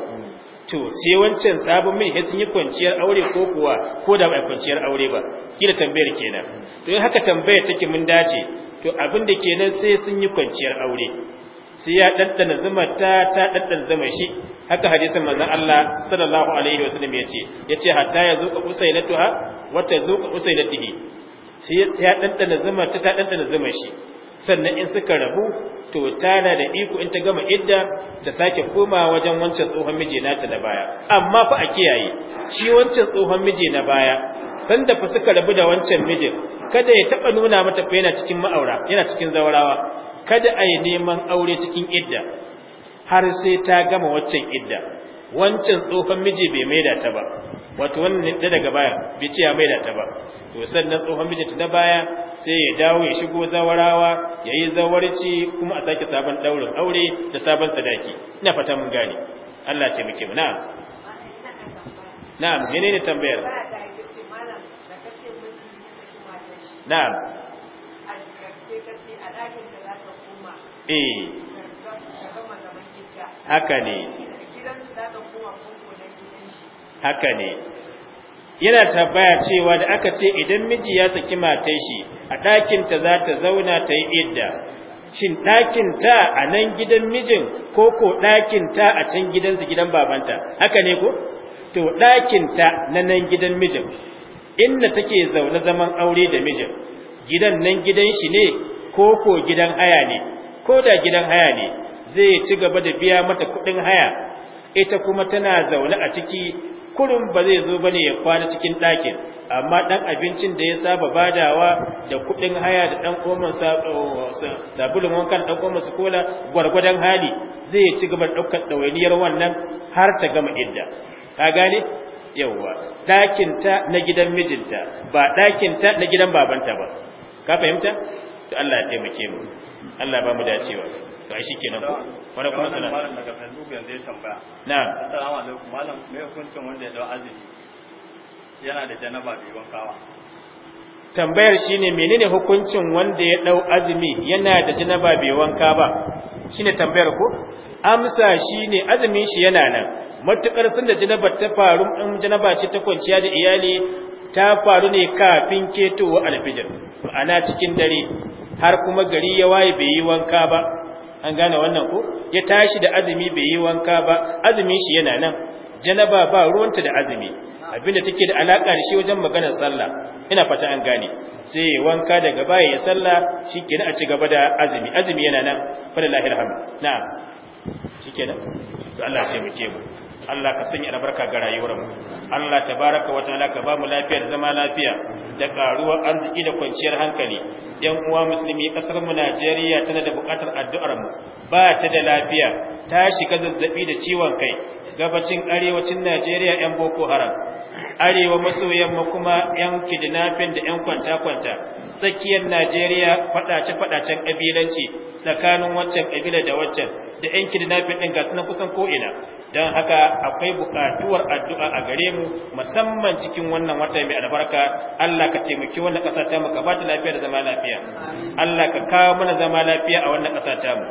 to sai wancan sabon miji ya yi kwanciyar aure ko kuwa ko da bai kwanciyar aure ba kila tambayar kenan to in haka tambayar take mun dace to abin da kenan sai sun yi kwanciyar aure sai ya daddana zuma ta ta daddana zuma shi haka hadisin manzon Allah sallallahu alaihi wasallam yace yace hatta ya zuka usailatuha wa ta zuka usailatihi sai ya daddana zuma ta ta daddana zuma shi sannan in suka rabu to tana da iko in ta gama idda ta sake koma wajen wancan tsohon miji ta da baya amma fa a kiyaye shi wancan tsohon miji na baya sanda fa suka rabu da wancan mijin kada ya taba nuna mata fa yana cikin ma'aura yana cikin zawarawa kada a yi neman aure cikin idda har sai ta gama waccan idda wancan tsohon miji bai maida ta ba wato wannan da daga baya bai ce ya maida ta ba to sannan tsohon mijinta ta baya sai ya dawo ya shigo zawarawa ya yi zawarci kuma a sake sabon daurin aure da sabon sadaki ina fata mun gane Allah ya taimake mu na'am na'am menene tambayar na'am eh haka ne haka ne yana tabbaya cewa da aka ce idan miji ya saki matar shi a ɗakinta za ta zauna ta yi idda cin ɗakin ta a nan gidan mijin ko ko ɗakin ta a can gidansa gidan babanta haka ne ko to ɗakin ta na nan gidan mijin inda take zaune zaman aure da mijin gidan nan gidan shi ne ko ko gidan haya ne ko da gidan haya ne zai ci gaba da biya mata kuɗin haya ita kuma tana zaune a ciki kurin ba zai zo bane ya kwana cikin ɗakin amma ɗan abincin da ya saba badawa da kuɗin haya da ɗan koman sabulun wankan ɗan koman su kola gwargwadon hali zai ci gaba da ɗaukar ɗawainiyar wannan har ta gama idda ka gane yawwa ta na gidan mijinta ba ɗakinta na gidan babanta ba ka fahimta to Allah ya taimake mu Allah ba mu dacewa to ai shikenan ko wani kuma sana malam daga Facebook yanzu ya tambaya na assalamu alaikum malam me hukuncin wanda ya dau azumi yana da janaba bai wankawa tambayar shine menene hukuncin wanda ya dau azumi yana da janaba bai wanka ba shine tambayar ko amsa shine azumin shi yana nan matukar sun da janaba ta faru in janaba ce ta kwanciya da iyali ta faru ne kafin ketowa alfijir ana cikin dare har kuma gari ya waye bai yi wanka ba an gane wannan ko ya tashi da azumi bai yi wanka ba azumin shi yana nan janaba ba ruwanta da azumi abinda take da alaka da shi wajen maganar sallah ina fata an gane sai ya wanka daga baya ya sallah shikenan a ci gaba da azumi azumi yana nan fa lillahi alhamd na'am shikenan to Allah ya ke mu Allah ka sanya albarka ga rayuwar mu Allah tabaraka wa ta'ala ka ba mu lafiya da zama lafiya da karuwar arziki da kwanciyar hankali yan uwa musulmi kasar mu Najeriya tana da buƙatar addu'ar mu ba ta da lafiya ta shiga zazzabi da ciwon kai gabacin arewacin Najeriya yan Boko Haram arewa maso yamma kuma yan kidnapping da yan kwanta-kwanta tsakiyar Najeriya faɗace-faɗacen kabilanci tsakanin waccan abila da waccan da yan kidnapping ɗin ga sunan kusan ko'ina don haka akwai bukatuwar addu'a a gare mu musamman cikin wannan wata mai albarka Allah ka taimaki wannan ƙasa ta mu ka ba ta lafiya da zama lafiya Allah ka kawo mana zama lafiya a wannan ƙasa ta mu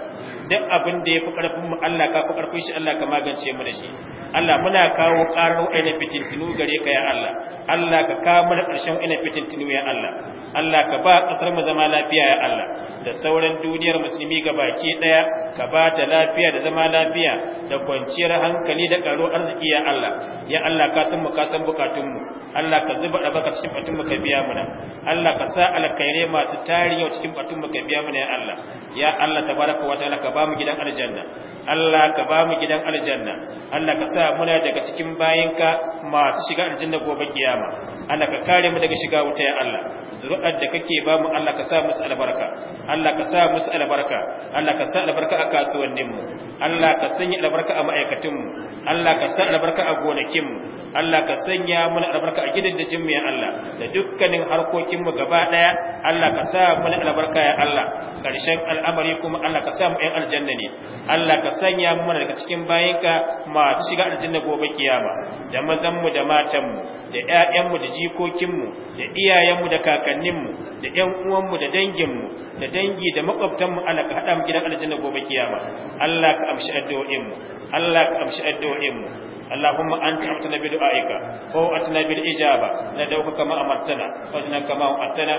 duk abin da ya fi ƙarfin mu Allah ka fi ƙarfin shi Allah ka magance mu da shi Allah muna kawo ƙarar fitin tunu gare ka ya Allah Allah ka kawo mana ƙarshen fitin tunu ya Allah Allah ka ba ƙasar mu zama lafiya ya Allah da sauran duniyar musulmi gabaki ɗaya ka ba ta lafiya da zama lafiya da kwanciyar hankali da ƙaro arziki ya Allah ya Allah ka san mu ka san bukatun mu Allah ka zuba da baka cikin batun mu ka biya mana. Allah ka sa alkhairai masu tarihi cikin batun mu ka biya mana ya Allah ya Allah tabaraka wa ta'ala ka bamu gidan aljanna Allah ka bamu gidan aljanna Allah ka sa muna daga cikin bayinka masu shiga aljanna gobe kiyama Allah ka kare mu daga shiga wuta ya Allah zuru'ar da kake ba mu Allah ka sa musu albarka Allah ka sa musu albarka Allah ka sa albarka a kasuwannin mu Allah ka sanya albarka a ma'aikatun mu Allah ka sa albarka a gonakin mu Allah ka sanya mana albarka a gidan da mu ya Allah da dukkanin harkokin mu gaba daya Allah ka sa mana albarka ya Allah karshen al'amari kuma Allah ka sa mu ɗan aljanna ne Allah ka sanya mu daga cikin bayinka masu shiga aljanna gobe kiyama da mazan mu da matan mu da ‘ya'yanmu da jikokinmu da iyayenmu da kakanninmu da ‘yan uwanmu da danginmu da dangi da makwabtanmu Allah ka haɗa mu gidan aljanna gobe kiyama Allah ka amshi addu'o'inmu Allah ka amshi addu'o'inmu اللهم أنت أمتنا بدعائك ووأتنا بالإجابة ندعوك كما أمرتنا وجنا كما وعدتنا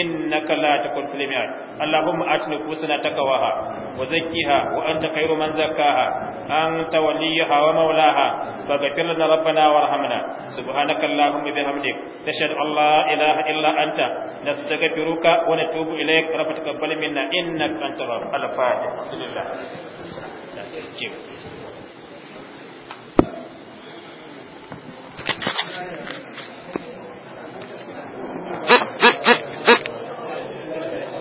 إنك لا تكن في الميعاد اللهم آت نفوسنا تقواها وزكها وأنت خير من زكاها أنت وليها ومولاها فاغفر لنا ربنا وارحمنا سبحانك اللهم بحمدك نشهد أن لا إله إلا أنت نستغفرك ونتوب إليك رب تقبل منا إنك أنت الغفور الفاتح الحمد لله ハッハッハッ